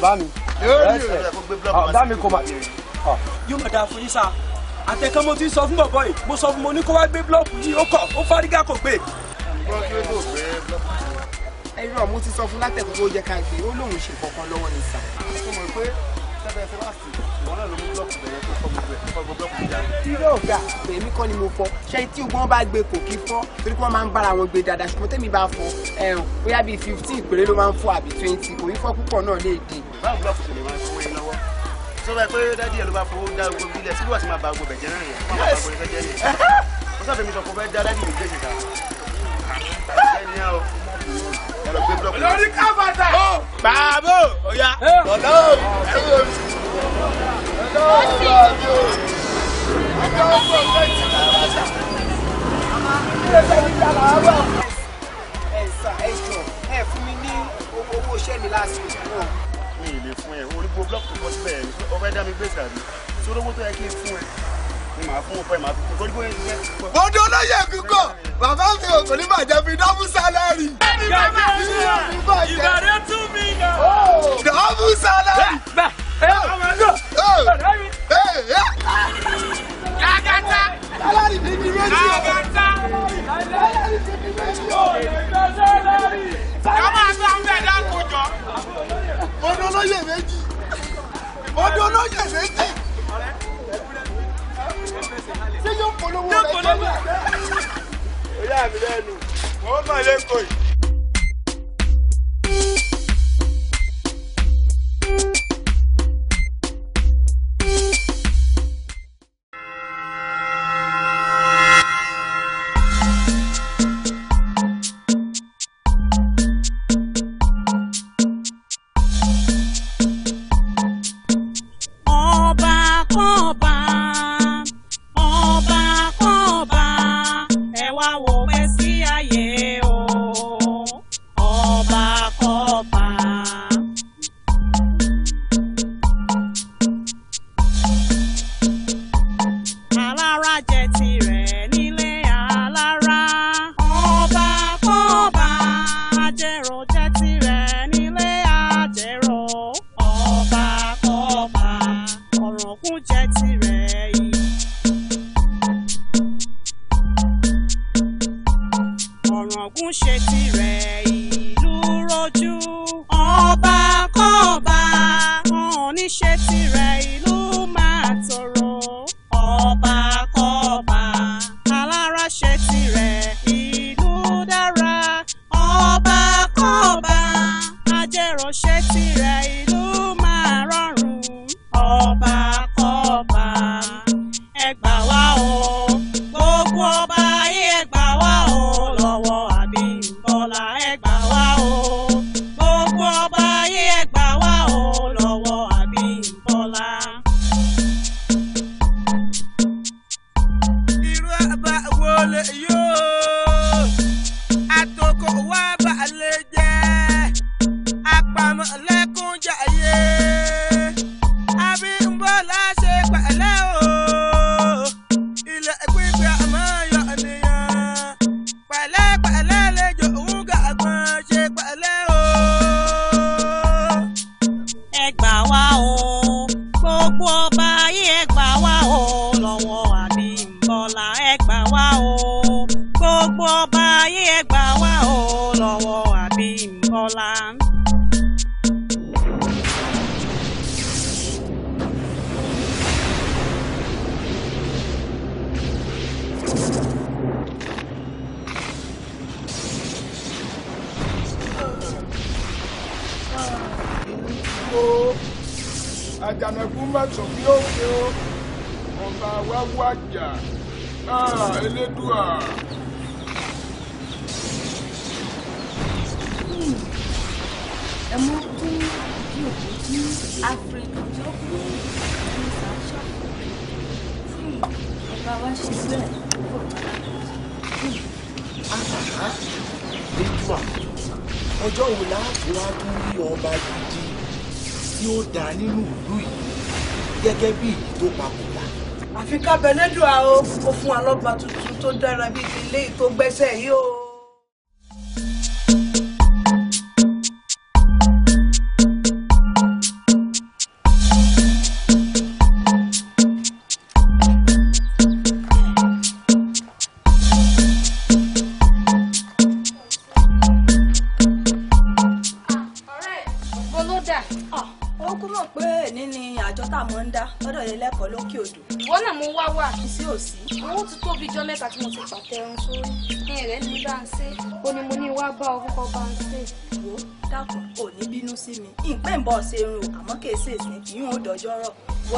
bàbá mi. ọ̀gá mi kò mà. yóò mọ̀ dáa fún yín sá àtẹ̀kọ́ mo ti sọ fún bọ̀bọ̀ yìí mo sọ fún mo ní kó wá gbé búlọ́ọ̀kù yìí ó kọ̀ ó fárígà kò gbé. ẹ̀rọ mo ti sọ fún látẹ̀kọ́ tó yẹ ká gbé ó lóun ṣe kankan lọ́wọ́ ní sá. mo mọ̀ pé tẹ́fẹ́ ṣe wá sí ìwọ náà ló mú búlọ́ọ̀kù bẹ̀rẹ̀ tó fọ́ gbogbo ẹ̀ tó fọ́ gbogbo búlọ́ọ̀kù jáde. irú ọ̀gá èmi kọ́ ni mo fọ́ ṣé tí wọ́n bá gbé kò kí fọ́ torí pé wọ́n máa ń bára wọn gbé dáadáa ṣùgbọ́n tẹ́mi bá fọ́ ẹ̀rùn bóyá bíi fifteen péré ló máa ń fọ́ àbí twenty kò ní fọ́ báwo búlọ́ọ̀kù tó lè máa sanwó yín lọ́wọ́ tó bá yẹ pé dádì ẹ ló bá fowó dá gbogbo ilẹ̀ sílùú àti máa ba gbogbo ẹ̀jẹ̀ náà yẹn fún àwọn àgbọ̀n ìfẹ́ jẹ́ nìyẹn wọ́n sábẹ́ mi sọ fún bẹ́ẹ̀ dá dádì mi gbèsè ta lórí kábàtà. bàbá oya. ọ̀dọ́ ẹ̀rọ ọ̀dọ́ ọ̀dọ́ ọ̀dọ́ ọ̀dọ́ ọ̀dọ́ ọ̀dọ́ ẹ sà ẹ jọ ẹ fún mi ní owó iṣẹ́ mi lásìkò náà yẹn orígbó blọọkì tó kọ síbẹ̀ yẹn ọbẹ̀ dá mi gbé tàbí sódówó tó yẹ kí n fún ẹ ni màá fún ọpẹ màá fún orígbó yẹn jẹ. mo dún kíkọ bàbá mi ò kò ní bàjẹ́ fi dọ́bù sálárì. ìbàdàn tún mi nà. Oh, dọ́bù sálárì. bẹ́ẹ̀ bẹ́ẹ̀ ọmọ ẹ̀ lọ. Agata. Sálárì ní ní méjì o. Agata. Sálárì ní ní méjì o. Kọ́mọ àgbà ń bẹ̀ dákojọ́ odò olóyè méjì odò olóyè méjì ṣé yóò polówó rẹ jẹ́ ìyá mi lẹ́nu mo máa lẹ́kọ̀ọ́ yìí. woman.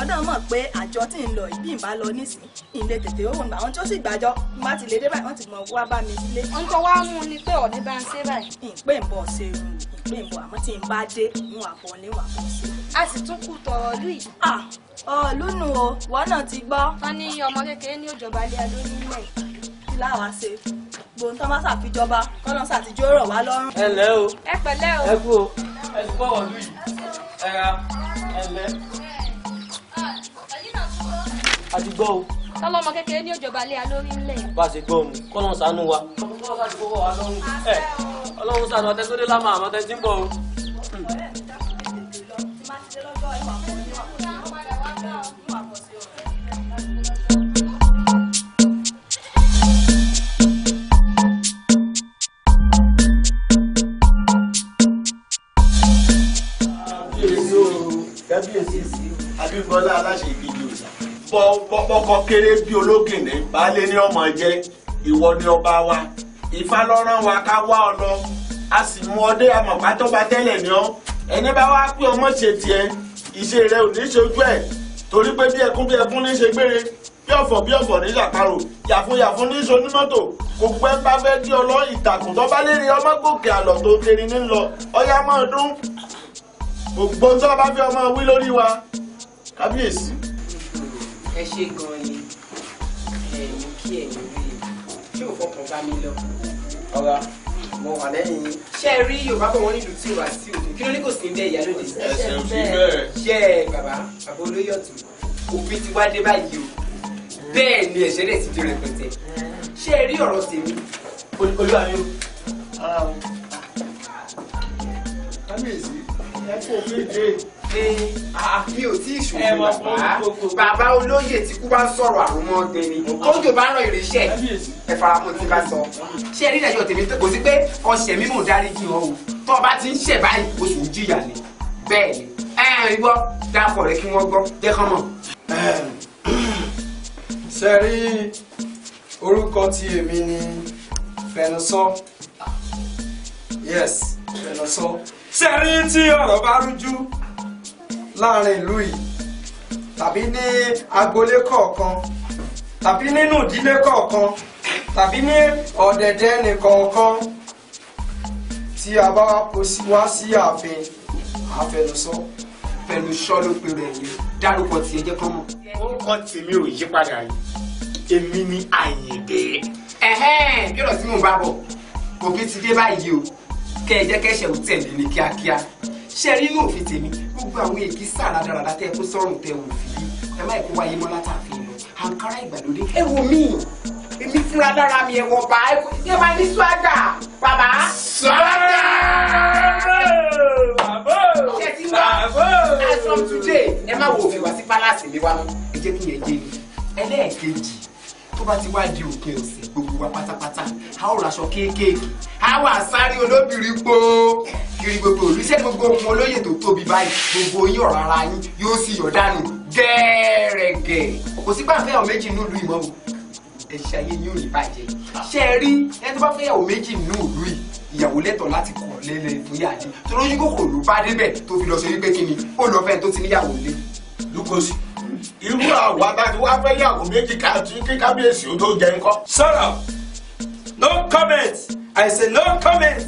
ìwọ náà mọ̀ pé àjọ tí ń lọ ìbí ìbá lọ nísìn ilé tètè ó wọ̀nà àwọn tó sì gbàjọ má ti lè dé báyìí wọ́n ti mọ̀ wá bá mi nílé. nǹkan wá mú un ni pé ọ̀ní bá ń ṣe báyìí. ìpè ń bọ̀ ṣe irun ìpè ń bọ̀ àmọ́ tí ń bá dé ń wà bọ̀ ní wà bọ̀ ṣe. a sì tún kú tọrọ lù yìí. ọ lónù o wọn náà ti gbọ́. wọn ní ọmọ kékeré ní òjọba ilé adó nílẹ̀ kí láwa ṣe gbòǹ tán bá ṣàfijọba kọ́nà ṣàtijọ́ rọ̀ wá lọ́rùn. ẹ lẹ́ o ẹ pẹ̀lẹ́ o ẹ kú o ẹ ti bọ̀wọ̀ lù yìí ẹ ra ẹ lẹ́ àdìgbọ́ o. tọ́lọ́mọ kékeré ní òjọba lé a lórí ńlẹ̀. bá a ṣe gbọ́ òun kọ́lọ́n ṣàánú wa. ọlọ́run ṣàánú àtẹ́sọ́dé lámà àmọ́ tẹ́ ti ń bọ̀ o. kábíyèsí àbí bọ́lá aláṣẹ ìbí bọ́kọ kéré bí ológìnní baálé ní ọmọ jẹ ìwọ ni ọba wa Ifá ló rán wa ká wá ọ lọ a sì mú ọdẹ amọ̀pátọ́ba tẹ́lẹ̀ ni ọ́ ẹni bá wá pé ọmọ ṣe tiẹ̀ ìṣe rẹ ò ní ṣojú ẹ̀ torí pé bí ẹkún bí ẹkún ní ṣe gbére bí ọ̀fọ̀ bí ọ̀fọ̀ ní ṣàparò yàfun yàfun ní ṣo onímọ́tò gbogbo ẹ bá fẹ́ di ọlọ́ ìtàkùn tó bá ọmọ gòkè àlọ́ tó tẹ̀rí ní lọ ọyá máa dún gbogbo tó bá fi ọmọ wí lórí wa kábíyèsí ẹ ṣe gan ni ẹ̀yìn kí ẹ̀yìn rí i ṣé o fọkàn bá mi lọ. ọ̀gá mo wà lẹ́yìn yín. ṣé ẹ rí yorùbá bọ̀ wọ́n nílùú tí ìwà sí òkú kí ló ní kò sí ń bẹ ìyálóde. ẹsẹ̀ ń fi bẹ́ẹ̀. ṣé ẹ bàbá bàbá olóyè ọ̀tún òfin ti wá dé báyìí o bẹ́ẹ̀ ni ẹ̀ṣẹ̀ rẹ̀ ti di rẹpẹtẹ ṣé ẹ rí ọ̀rọ̀ tèmi. olúwa mi um, o. kábíyèsí ẹ kó o fi dé. Ah, ah, mi ò tí ì ṣòfin bàbá bàbá olóyè tí kú bá ń sọ̀rọ̀ àrùmọ́ ọ̀gbẹ́ni kóńjò bá ràn ìrìnsẹ̀ ẹ faramọ́ tí bá sọ ṣé ẹ̀rí ìdájọ́ tèmi kò sí pé ọ̀sẹ̀ mímú dáríjì wọn o tó bá ti ń ṣẹ̀ báyìí oṣù jìyà ni bẹ́ẹ̀ ni ẹ ẹ gbọ́ dákọ̀ rẹ kí wọ́n gbọ́ jẹ́kọ́ mọ̀. ṣe rí orúkọ tí èmi ni fẹnusọ yes fẹnusọ ṣe rí tí ọ̀rọ̀ bá rújú láàrin ìlú yìí tàbí ní agboolé kọ̀ọ̀kan tàbí nínú ìdílé kọ̀ọ̀kan tàbí ní ọ̀dẹ̀dẹ̀ nìkọ̀ọ̀kan tí a bá wá sí ààfin àfẹnusọ pẹ̀lú sọ́lọ́pẹ̀ rẹ̀ ni dárúkọ tiẹ̀ jẹ́ kọ́ mọ̀. orúkọ tèmi ò yí padà yìí èmi ni àyìndé. ẹ̀hẹ́n yọ̀rọ̀ tí mo bá bọ̀ kò fi ti dé báyìí o kẹ́ ẹ jẹ́ kẹ́sẹ̀ ò tẹ̀lé ní kíákíá ṣe rí inú òfin tèmi gbogbo àwọn èkì sára dáradára tẹ kó sọrùn tẹ wò fi ẹ má ìkó wáyé mọ́ látàfin lọ àǹkárá ìgbàlódé ẹ wò mí èmi fúnra lára mi ẹ̀wọ̀ bá ẹ máa ní swaga bàbá. swaga. bàbá ṣe ti wá as from today ẹ má wo òfin wá sí palace mi wá mọ́ ẹ jẹ́ kí yẹn jẹ́ mi ẹlẹ́ẹ̀kejì tó bá ti wá di òpin ọ̀sẹ̀ gbogbo wa pátápátá a ó raṣọ kéékèèké a wà sáré olóbìnrin po kiri gbogbo olùsẹ́ gbogbo ohun olóyè tó tóbi báyìí gbogbo yín ọ̀rọ̀ ara yín yóò sì yọ̀ dànù gẹ́ẹ̀rẹ̀gẹ̀ kò sí pàfẹ́ ọ̀ méjì nílùú ìmọ̀ o ẹ ṣe ayé ní òní bàjẹ́ ṣe é rí ẹni tó bá fẹ́ ìyàwó méjì nínú ìlú yìí ìyàwó lẹ́tọ̀ọ́ láti kọ̀ lẹ́lẹ́ fún yàrá tó lójú kòkòrò bá débẹ̀ tó fi lọ sí wípé kí ni ó lọ fẹ́ tó ti níyàwó lé. lukosi irú àwa bá ti fẹ́ yàwó méjì káàtì kí kábíyèsí ó tó jẹ ńkọ́. sọ̀rọ̀ no comment i say no comment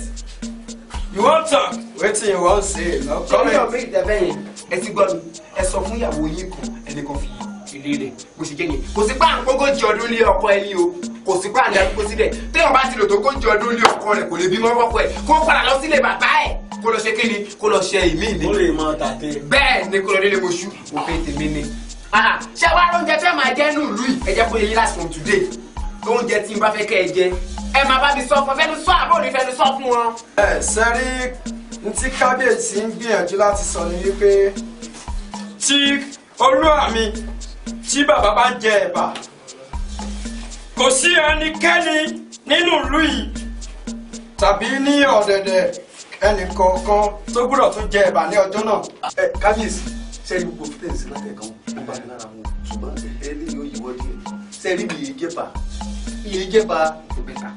you wan talk wetin you wan say no comment. ṣé yóò bí ìdẹ́bẹ̀ yẹn ẹ ti gbọ́ mi ẹ sọ fún ìyàwó yín kan ẹnìkan fi ilé rẹ̀ kò sí jẹ́ yẹn kò sí pa àkókò jẹ ọdún lé ọkọ ẹ ní o kò sí pa àdàrúgbó sílẹ̀ téèyàn bá ti lò tó kó jẹ ọdún lé ọkọ rẹ̀ kò lè bímọ ọkọ ẹ̀ kó padà lọ sílé bàbá ẹ̀ kó lọ ṣe kí ni kó lọ ṣe ìmí ìní. ó lè máa tàtẹ́. bẹ́ẹ̀ ni kó lọ délé mo ṣú òfin tèmi ni. Ah, ah. ṣé wàá lóúnjẹ tẹ́ máa jẹ́ nílùú yìí ẹ jẹ́ kó yẹ yín láti fún today lóúnjẹ tí n bá fẹ́ kẹ́ ẹ jẹ ẹ máa bá mi sọ fún fẹ́ni sọ àbúrò ní fẹ́ni sọ fún wọn. ẹ sẹ́rí n tí kábíyèsí ń gbìyànjú láti sọ ni wípé tí olúwa mi tí bàbá bá ń jẹ ẹ̀bà kò sí ẹnikẹ́ni nínú ìlú yìí tàbí ní ọ̀dẹ̀dẹ̀ ẹnì kọ̀ọ̀kan tó gbúdọ̀ tún jẹ ẹ̀bà ní ọjọ́ náà. ẹ kábíyèsí ṣé ibùgbò fìtẹ́sì láti ẹ̀kan ó bá mi lára mu ṣùgbọ́n ẹni yóò yíwọ́ sẹ́ẹ̀rì mi yéé jẹ́ba yéé jẹ́ba òbẹ̀ta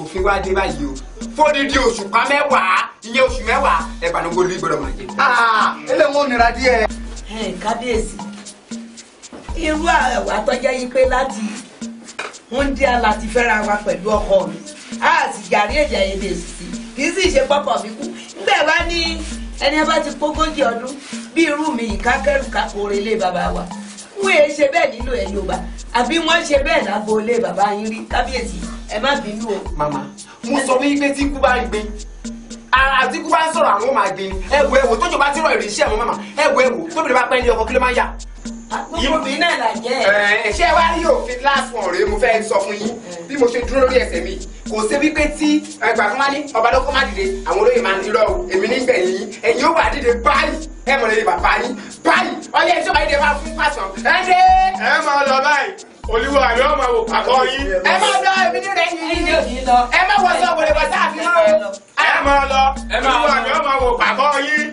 òfin wa dé báyìí o di. oṣù pa mẹ́wàá iye oṣù mẹ́wàá ẹ̀bànúgbò ló gbọ́dọ̀ máa jẹ. ẹlẹ́wọ̀n nira díẹ̀. kábíyèsí irú àwa tọ́já yìí pé láti wúndíá láti fẹ́ra wa pẹ̀lú ọkọ mi a sì jàrí èdè àìyedè sí kì í sì ṣe pọ́pọ̀ mi kú nígbà wá ní ẹni ẹ bá ti pógójì ọdún bí irú mi yìí kákẹ́rù lé bàbá wa wọ́n èé e ṣe bẹ́ẹ̀ nílò ẹ̀ yorùbá àbí wọ́n ṣe bẹ́ẹ̀ lágbo lé bàbá yín rí kábíyèsí ẹ má bínú o. màmá mo sọ fún yín tí ikú bá ń gbé àti ikú bá ń sọ̀rọ̀ àwọn máa gbé ni ẹ̀wò ẹ̀wò tó jọba ti rọ ìrìnsẹ̀ àwọn màmá ẹ̀wò ẹ̀wò tóbi bá pẹ́ ní ọkọ̀ kí ló máa ń yà. gbogbo náà là jẹ́. ẹ ṣé wá rí òfin last one mo fẹ́ sọ fún yín bí mo ṣe dúró lórí ẹsẹ̀ mi kò sí wípé tí ẹgbàá kan wá ní ọba má dìde àwọn olóyè máa ń irọ́ o èmi nígbẹ̀yìn ẹ̀yin ó wà dìde báyìí ẹ mọ̀ lórí bàbá yín báyìí ọyẹ ẹjọ́ báyìí lè máa fún pàṣán ẹ dé. ẹ máa lọ báyìí olúwa mi ò máa wò pàkọ́ yín. ẹ má lọ ẹbí ní rẹ yìí ẹ má wọ sọ wòlé wọsá àfi lọ. ẹ má lọ olúwa mi ò máa wò pàkọ́ yín.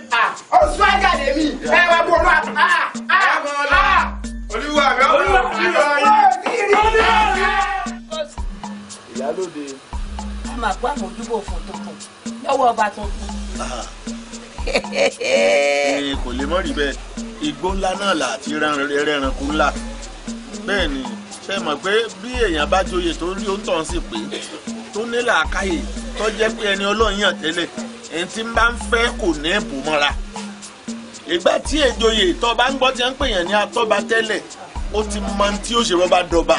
oṣù àjàdé mi ẹ má bọ̀ ọ́nà àtúntà. ẹ má lọ ah! olúwa mi ò máa wò pàkọ́ yín. ìyálóde. a máa gbọ́ àwọn ojúbọ fún tuntun lọ́wọ́ ọba tuntun. Eh, kò lè mọ́ rí bẹ́ẹ̀ igbó ńlá náà là ti rẹ́ranko ńlá bẹ́ẹ̀ ni ṣe mọ̀ pé bí èèyàn bá joyè tó rí ó ń tàn sí pé tó ní làákàyè tó jẹ́ pé ẹni ọlọ́run yàn tẹ́lẹ̀ ẹni tí ń bá ń fẹ́ kò ní ẹ̀bùn mọ́ra ìgbà tí èjoyè tó bá ń gbọ́ tí ń pè yàn ní atọ́ba tẹ́lẹ̀ ó ti mọ tí ó ṣe rọ́bà dọba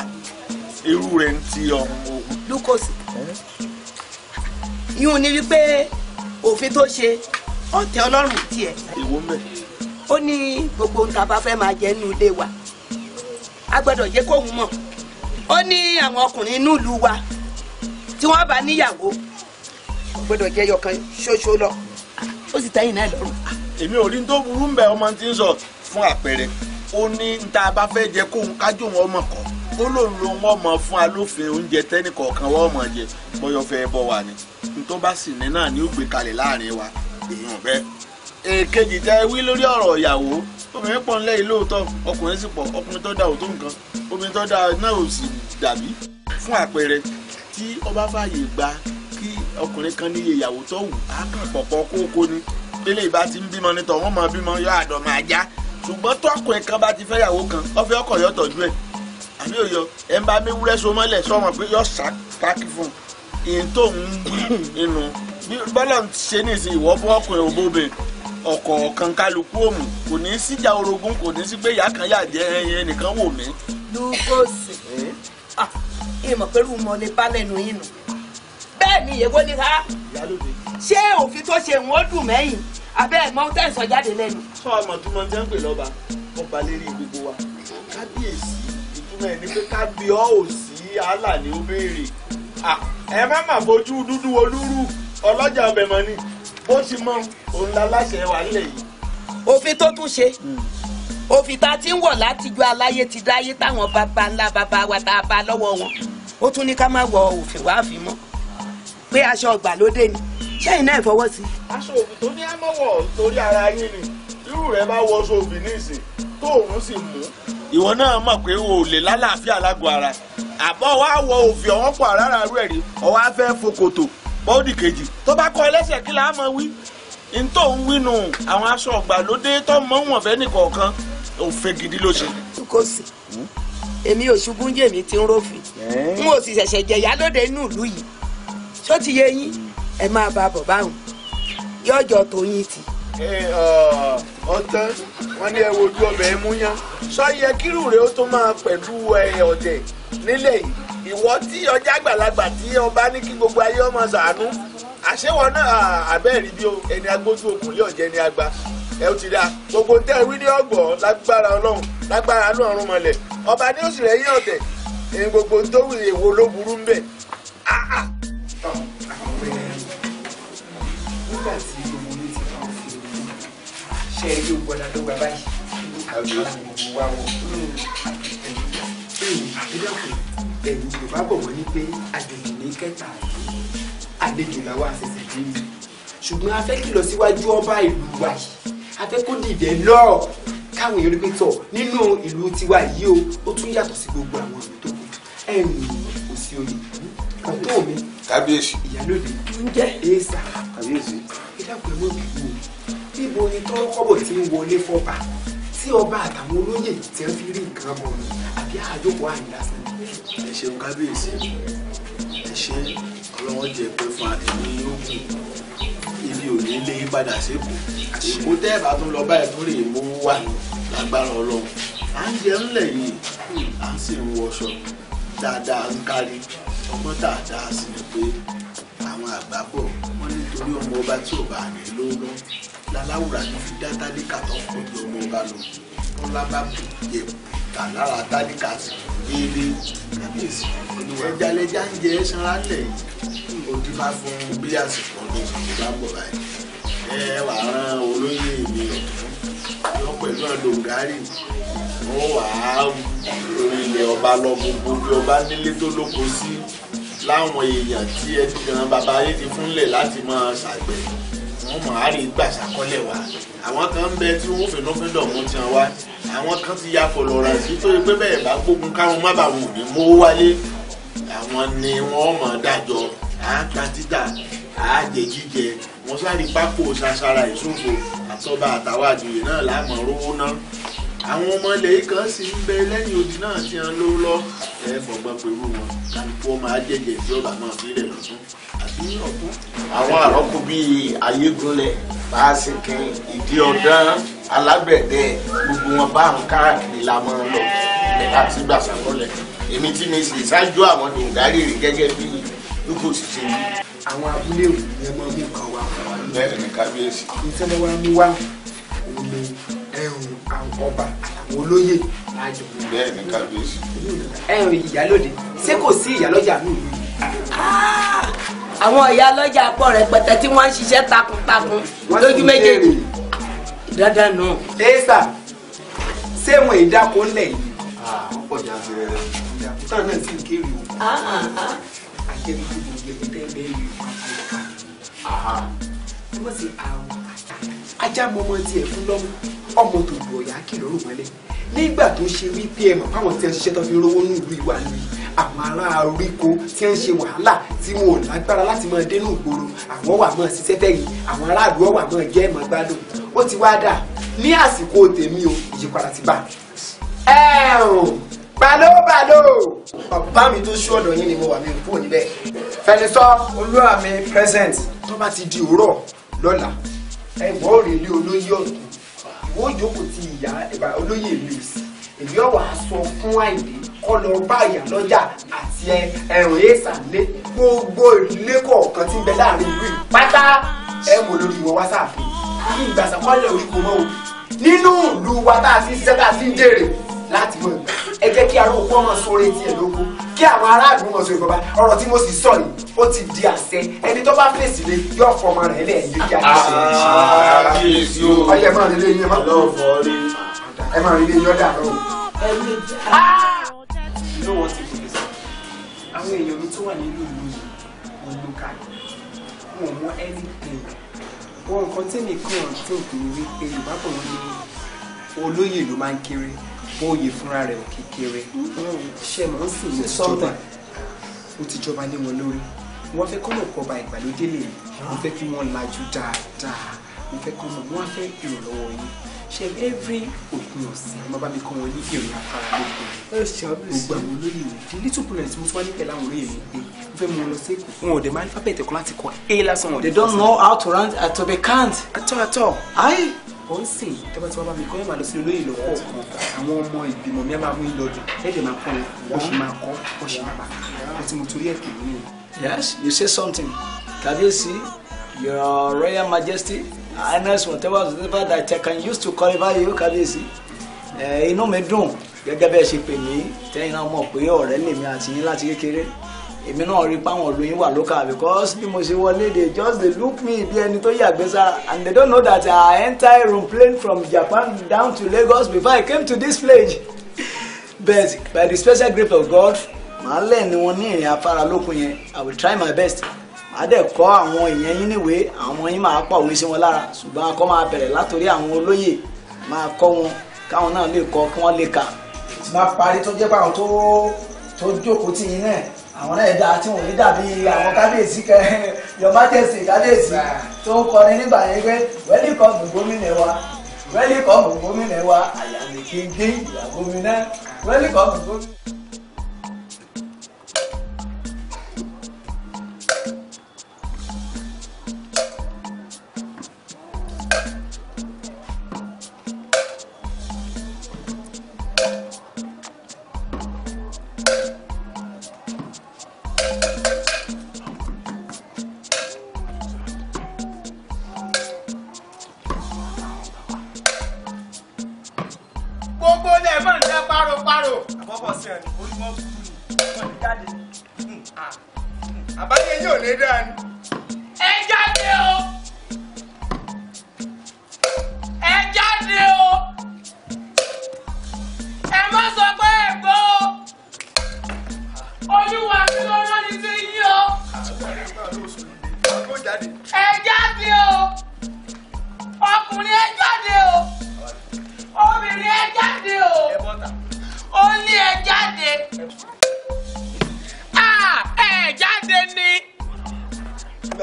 irú rẹ̀ ń ti ọ̀hún. lukosi yóò ní wípé òfin tó ṣe ọ̀tẹ̀ ọlọ́run tiẹ̀. ó ní gbogbo ohun a bá fẹ́ máa jẹ ilé wa a gbọ́dọ̀ jẹ́ kóhun mọ̀ ó ní àwọn wa tí wọ́n bá níyàwó gbọ́dọ̀ jẹ́ yọkan ṣoṣo lọ ó sì tẹ́yìn náà lọ́rùn. èmi ò rí tó burú mbẹ ọmọ tí ń fún àpẹẹrẹ ó ní a bá fẹ́ jẹ kóhun ọmọ fún alófin oúnjẹ jẹ fẹ ni ntọ́ bá sì ní náà ni ó gbé kalẹ̀ láàrin wa èèyàn bẹ́ẹ̀. èkejì tẹ wí lórí ọ̀rọ̀ ìyàwó obìnrin pọ̀ ńlẹ́ lóòótọ́ ọkùnrin sì pọ̀ ọkùnrin tó da òótọ́ nǹkan obìnrin tó da náà ò sì dàbí. fún àpẹẹrẹ tí ọba fààyè gba kí ọkùnrin kan níye ìyàwó tó wù á kàn pọ̀pọ̀ kókó ni délé ìbá ti ń bímọ nítọ̀ wọ́n máa bímọ yọ àdọ̀ máa já ṣùgbọ́n tọkùnrin kan bá ti fẹ́ ìyàwó kan ọfẹ́ ọkọ̀ yọ tọ́jú ẹ̀ àbí òyọ ẹ̀ ń bá mi wúrẹ́ so mọ́lẹ̀ sọ́mọ pé yọ sá pákí fún un ìyẹn tó ń inú bọ́lá ń ṣe ní ìsìn ìwọ́ fún ọkùnrin òbóbe ọ̀kọ̀ọ̀kan kálukú òmù kò ní síjà orogún kò ní sí pé ìyá kan yà jẹ́ ẹyin ẹnìkan wò mí. lukosi ìmọ̀ ah, pẹ̀lú mọ̀lẹ́ bá lẹ́nu yín nù bẹ́ẹ̀ ni ìyẹ́wó ní ká ṣé òfin tó ṣe wọ́n dùn mẹ́yìn abẹ́ ẹ̀gbọ́n tẹ̀ sọ lẹ́nu. sọ àmọ̀ tó máa ń jẹ́ pè lọ́ba ọba lérí gbogbo wa kábíyèsí ìtumọ̀ ẹni pé kábíọ́ òsì àálà ó béèrè ah, ẹ má má bójú dúdú olúrú ọlọ́jà ọbẹ̀ mọ́ ni bó ti mọ òun la láṣẹ wà nílẹ̀ yìí. òfin tó tún ṣe òfin tá a ti ń wọ̀ látijọ́ aláyé ti dáyé táwọn bàbá ńlá bàbá wa tá a bá lọ́wọ́ wọn ó tún ní ká má wọ òfin wàá fi mọ́ pé aṣọ ọgbàlódé ni ṣẹ́yìn náà ìfọwọ́ sí. aṣọ òfin tó ní á mọ̀wọ̀ torí ara yín ni irú rẹ̀ bá wọ aṣọ òfin ní ìsìn tó òun sì mú. ìwọ náà mọ̀ pé o lè lálàáfíà lágọ̀ọ́ ara àbọ̀ wa wọ òfin ọ̀wọ́n pọ̀ àràràrú ẹ̀rí ọ̀wọ́ á fẹ́ fokòtò bọ́ọ̀dì kejì tó bá kọ ẹlẹ́sẹ̀ kí la máa wí ntọ́ ń wínú àwọn aṣọ ọ̀gbàlódé tó mọ́ wọn fẹ́ nìkọ̀ọ̀kan òfin gidi ló ṣe. kò sí èmi ò ṣubú jẹ́ èmi ti ń rófin n ò sì ṣẹ̀ṣẹ̀ jẹ̀yà lóde inú ìlú yìí ṣó ti yé yín ẹ máa bá bọ̀ báwọn yọjọ tóyin ti. ọtán wọn ní ẹ wojú ọbẹ̀ ẹ mú yán yẹ kírù rẹ ó tó máa pẹ̀lú ọ̀dẹ̀ nílẹ̀ yìí ìwọ tí ọjà àgbàlagbà tí ọba ní kí gbogbo ayé ọmọ sàánú àṣewọ náà àbẹ́ẹ̀rí bí ẹni agbójú okùn lé ọ̀jẹ̀ ni agba ẹ ó ti dáa gbogbo tẹ wí ní ọgbọ lágbára Ọlọ́run lágbára lọrun mọlẹ ọba ní oṣù rẹ yí ọtẹ ẹni gbogbo tó wù èwo ló burú ń bẹ. nígbà tí ọmọ mi ti bá òfin ṣe é yóò gbọdọ tó gba báyìí àwọn ọmọ wọ ẹ̀rù yorùbá bọ̀ wọ́n ní pé àjòjì ní kẹta àlejò làwọn àṣẹ̀ṣẹ̀ dé mi ṣùgbọ́n a fẹ́ kìlọ̀ síwájú ọba ìlú wa yìí a fẹ́ kó dìde lọ káwọn èèyàn pé tọ̀ nínú ìlú tiwa yìí o ó tún yàtọ̀ sí gbogbo àwọn ìlú tó kù ẹ̀rù kò sí oyè ọ̀tọ̀ mi kábíyèsí ìyálòdì ǹjẹ́ èèsà kábíyèsí ìdàpọ̀ ẹ̀wọ̀n bíbo ni tọ́wọ́ sí ọba àtàwọn olóyè tí ẹ fi rí nǹkan bọ̀ ni àbí àjòkó àǹdásán. ẹ ṣeun kábíyèsí ẹ ṣe ọlọ́wọ́n jẹ pé fún àtìmí yókù ibi ò ní lé padà sékòó èkó tẹ́ ẹ̀ bá tún lọ báyìí tó lè mú wà lágbára ọlọ́run à ń jẹ ńlẹ̀ yìí à ń sì ń wọṣọ dáadáa ń kárí ọgbọ́n tá a dá sí ni pé àwọn àgbà bọ̀ wọ́n nítorí ọmọ ọba tí ò bá ní lóńgbọ́n làláwùrà yìí fi dá tálíkà tó fún ìjọ ọmọ ọba lọ wọn lábá yẹ kà lára tálíkà eré kábíyèsí ẹja lẹja ń jẹ sanra lẹ ojú bá fún bí àsìkò ọdún ìṣòro bá bọ̀ báyìí ẹ wàá rán olóyè mi ọ̀tún yọ pẹ̀lú àdóngárì wọ́n wà á lórí ilẹ̀ ọba lọ gbogbo bí ọba nílé tó lóko sí láwọn èèyàn tí ẹnì kan bàbá yìí ti fúnlẹ̀ láti máa ṣàgbẹ̀ mọ̀ á rí gbà sàkọ́lẹ̀ wa àwọn kan ń bẹ tí wọ́n fẹ́ lọ́fẹ́ dọ̀mú ti hàn wá àwọn kan ti ya fọlọ́ ra sí tó yẹ pé bẹ́ẹ̀ bá gbógun káwọn má bàa wò ní mú wálé àwọn ni wọ́n mọ̀ dájọ́ à títà à jíjẹ wọ́n sáré pákó ṣaṣara ìṣòfò àtọ́ba àtàwọn àjòyè náà láàmọ̀ rówó ná àwọn ọmọ ilẹ̀ yìí kan sì ń bẹ lẹ́yìn odi náà ti hàn lówó lọ ẹ̀ fọ̀gbọ́n pẹ̀lú wọn kálukú ọmọ ajẹ́jẹ́ ìjọba náà sílẹ̀ lọ́tún àbí ọ̀tún. àwọn àrọ́kù bíi ayégunlẹ̀ pàṣẹkẹ ìdí ọ̀dán alágbẹ̀dẹ gbogbo wọn bá ń káàkiri la máa ń lọ láti gbà sàkọlẹ̀ èmi tí mi sì ṣáájú àwọn dòǹgárì rí gẹ́gẹ́ bí lóko sì ṣe wí. àwọn abúlé òní yẹn máa mú kan wá fún wa. bẹ́ẹ̀ ni kábíyèsí. ìṣẹ̀lẹ̀ wa mú wá omi ẹ̀rùn àwọn àwọn olóyè láàjọ. bẹ́ẹ̀ ni kábíyèsí. ẹ̀rùn ìyálòde ṣé kò sí ìyálọ́jà mi? Ah! àwọn ìyá lọ́jà pọ̀ rẹpẹtẹ tí wọ́n ń ṣiṣẹ́ takuntakun lójú méjèèjì dandan nù. ẹ̀sà ṣé wọn ìdáko ńlẹ̀ yìí. Ah, ọjà ti rẹ̀ ìdáko náà sì kéré o. akẹ́rù tó gbogbo ẹni tẹ́ bẹ́ẹ̀ yìí ah, ah. wọ́n ti àwọn ajá mọ́mọ́ tiẹ̀ fún lọ́mọ́ ọmọ tòjú ọ̀yà kì lóru mọ́lẹ̀ nígbà tó ṣe wípé ẹ fáwọn tí wọ́n ṣiṣẹ́ tó fi rówó ní ìlú ìwà ni àwọn ará oríko tí wọ́n ṣe wàhálà tí wọn ò lágbára láti máa dénú ìgboro àwọn wà máa ṣiṣẹ́ tẹ̀yìn àwọn aráàlú ọ̀wà máa jẹ́ ìmọ̀ gbádùn ó ti wá dà ní àsìkò tèmi o ìyípadà ti bà. ẹ̀rùn balóbaló ọ̀pá mi tó ṣú ọ̀dọ̀ yín ni mo wà mí kúrò níbẹ̀. fẹnisọ olúwa mi present tó bá ti di òwúrọ̀ lọ́la ẹ̀gbọ́n òrèlé olóyè ọ̀tún wọ́n jókòó ti ìyá olóyè mi èmi ọ̀wà sọ fún àìdè kọ́ lọ lọ́jà àti ẹ̀rùn èèsà lé gbogbo ìdílé kọ̀ọ̀kan tí ń bẹ láàrin ìlú yìí pátá ẹ̀ mọ̀ lórí wọn wá sáàfin kí ìgbàsàkọ́lẹ̀ òṣùpọ̀ mọ́ o nínú ìlú wa tá a ti ṣiṣẹ́ tá a ti ń jèrè láti mọ̀ ẹ jẹ́ kí ará òkú ọmọ sóore tiẹ̀ lóko kí àwọn aráàlú mọ̀ sóore bàbá ọ̀rọ̀ tí mo sì sọ yìí ó ti di àṣẹ ẹni tó bá fèsì lé yóò fọmọ rẹ̀ lẹ̀ ẹ̀yẹ kí àṣẹ ọyẹ máa rí lẹ́yìn ẹ máa ẹ máa rí lẹ́yìn ọ̀dà lọ́wọ́. àwọn èèyàn mi tó wà nínú ìlú yìí wọn ló ká wọn mọ anything wọn nǹkan tẹ́nìkan tó kì í wípé ìbápọ̀ wọn ni olóyè ló máa ń kéré oyè fúnra rẹ̀ ò kékeré ṣe mọ̀ ń sìn ní sọ́ọ̀tà ó ti jọba lé wọn lórí wọ́n fẹ́ kọ́nà kọba ìgbàlódé lè wọ́n fẹ́ kí wọ́n lajú dáadáa wọ́n fẹ́ kọ́ mọ̀ wọ́n fẹ́ ìrànlọ́wọ́ yín ṣe every òpin ọ̀sẹ̀ wọ́n bá mi wọn ní ìrìn afárá lóko gbogbo àwọn olóyè mi the little problem mo tún wá nífẹ̀ẹ́ láwọn olóyè mi pé mo fẹ́ mú wọn lọ sí èkó wọn ò dẹ̀ máa ń fábẹ́ẹ̀tì kan láti kọ a lásán wọn. they don't know how to run atobekant. Uh, atọ́ atọ́. ayi ó ń sìn tó bá ti wá bá mi kọ́ yóò máa lọ sí olóyè lọ́pọ̀ kan àwọn ọmọ ìgbìmọ̀ mi máa mú yín lọ́dún ẹ̀jẹ̀ máa kọ́ yín ó máa kọ́ ó sì máa bà ó ti mo torí ẹ̀ pè mí. yes you say something kábíyèsí your royal majesty highness whatever whatever that I can use to call you kábíyèsí inú mi dùn gẹ́gẹ́ bẹ́ẹ̀ ṣe pè mí tẹ́yìn náà mọ̀ pé ọ̀rẹ́ lèmi àti yín láti kékeré èmi náà rí páwọn olóyin wà local because bí mo ṣe wọlé they just dey look me bí ẹni tó yàgbé sára and they don't know that I enter room plane from Japan down to Lagos before I came to this place. but by the special grace of God màá lẹ̀ ni wọn ní ìrìn afárá lókun yẹn I will try my best màá dẹ̀ kọ́ àwọn èèyàn yín níwèé àwọn yín máa pàwé sí wọn lára ṣùgbọ́n akọ́ máa bẹ̀rẹ̀ látòrí àwọn olóyè máa kọ́ wọn káwọn náà lè kọ́ kí wọ́n lè kà. máa parí tó jẹ́ pé àwọn tó jókòó tì yín náà àwọn náà dáa tí wọn ò dàbí àwọn kábíyèsí kẹ your majesty kábíyèsí tó ń kọrin nígbà yẹn pé wẹ́lì gómìnà wa wẹ́lì gómìnà wa kéńké ìyá gómìnà wẹ́lì gómìnà.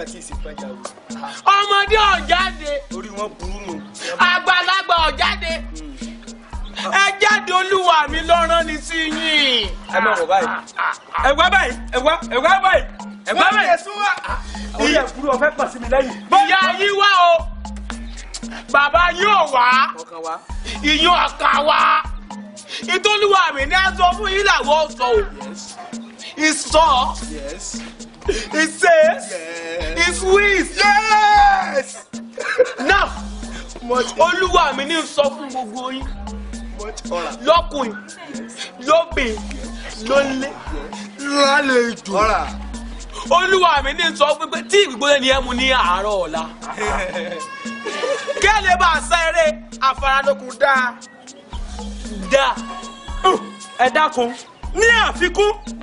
náà sì sì pẹ́ jáwé. ọmọdé ọ̀jáde. orí wọn burú nù. àgbàlagbà ọ̀jáde. Hmm. ẹ jáde olúwa mi lọ́rán ni sí yín. ẹ má wọ báyìí. ẹ wá báyìí ẹ wá ẹ wá báyìí ẹ wá báyìí. ìyá ìkúrú ọ̀fẹ́ pọ̀ sí mi lẹ́yìn. ìyá yín wá o bàbá yóò wá ìyún ọkàn wa ìtọ́lúwa mi ní aṣọ fún yín làwọn sọ ò ìsọ It says yes. it's with. Yes! Now, Olúwa mi ní sọ fún gbogbo yín. Lọ́kùnrin, lóbìn, lólé, lálejò. Olúwa mi ní sọ fún pé tí ìgbóná ni ẹ mu ní àárọ̀ ọ̀la. Kẹ́lẹ́ bá a sẹ́rẹ̀ àfaralókun dáa. Dáa. Ẹ dákun. Ní àfikún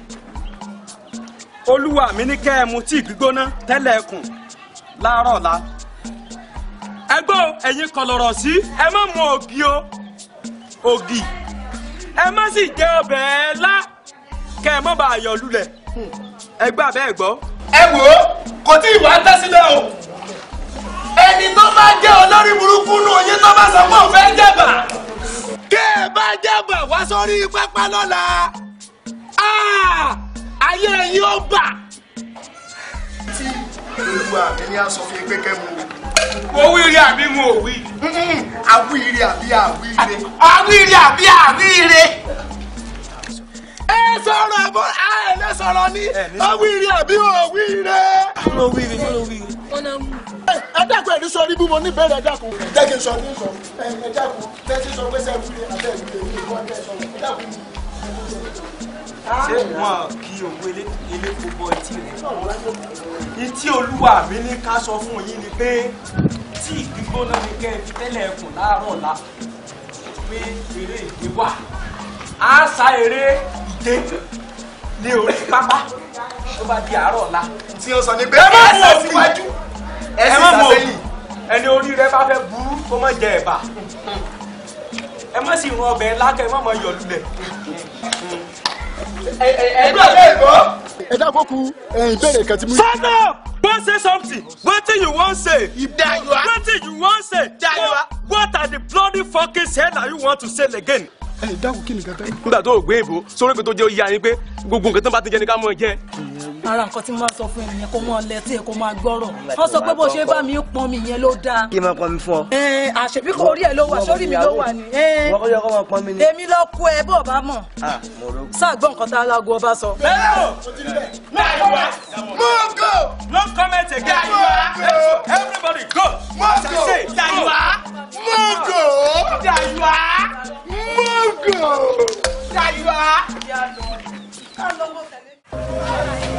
olúwa mi ní kẹ́ ẹ mu tíì gbígbóná tẹ́lẹ̀ ẹkùn láàárọ̀ la ẹgbọ́ ẹ̀yin kọlọ̀rọ̀ sí ẹ má mu ògì o ògì ẹ má sì jẹ ọbẹ̀ ẹ lá kẹ́ ẹ má bàa yọ lulẹ̀ ẹ gbà bẹ́ẹ̀ gbọ́. ẹ wò ó kò tí ì wá ń tẹ́sílẹ̀ o ẹni tó bá jẹ́ olórí burúkú nù yín tó bá sọ pé òun fẹ́ jẹ̀bà kẹ́ ẹ bá jẹ̀bà wá sórí pápá lọ́la. Ah! ayé yín ó bà. tí olúwa mi ní aṣọ fi pé kẹ́ mu. mo wí rí àbí mo ò wí. àwí rí àbí àwí rí. àwí rí àbí àwí rí ẹ sọ̀rọ̀ àbọ̀ ẹ lẹ sọ̀rọ̀ ni ọwíire àbí òwíire. mo wíire mo ló wíire. ẹ dákun ẹni sọ ibú mo níbẹ̀rẹ̀ ẹ dákun. jẹ́ kí sọ kí sọ ẹ dákun tẹ́tí sọ pé sẹ́ẹ̀ wíire àbẹ́ẹ̀ wíire wíire ẹ dákun ṣé wọn kí owó elépo bọ est rẹ etí olúwa mi ní ká sọ fún yín ni pé tí ìgbígbóná ni kẹ́ ẹ fi tẹ́lẹ̀ ẹkùn láàárọ̀ la pé eré ìdè il est sa eré ìdè ní orí pápá tó bá di àárọ̀ ọ̀la. tí o sọ ni bẹ́ẹ̀ máa ń lọ síwájú ẹ sì sàtẹ́yìn. ẹni orí rẹ bá fẹ́ burú kó má jẹ ẹ̀bà ẹ má sì rún ọbẹ̀ lákẹ́ ẹ má mọ iyọ̀ lulẹ̀ ẹgbẹ́ ọ̀dọ́ ẹ̀kọ́. ẹ dákun ku ìbéèrè kan tí mo. sọ́nà go say something wetin you wan say. dayiwa wetin you wan say. dayiwa what are the bloody fokin say na you want to say again. ẹ dákun kí ni gàdá. nígbà tó o gbé ìbò sórí pé tó jẹ́ oyè ayé pé gbogbo nǹkan tó bá ti jẹ́ ní ká mọ̀ jẹ́ ara nǹkan tí mo máa sọ fún ẹ nìyẹn kó mọ lẹtí ẹ kó máa gbọ́rọ̀ wọ́n sọ pé bó ṣe bá mi pọn mi yẹn ló dáa. kí n máa pọn mi fún ọ. ẹ àṣebí kò rí ẹ ló wà sórí mi ló wà ní. wọ́n kọ́ yọ kó máa pọn mi ní. èmi lọ kú ẹ bó o bá mọ̀. Ah, ṣàgbọ́n nǹkan tá a lágo ọba sọ. move go. no comment again. everybody go. move go. move go. move move go. Aywa! Aywa!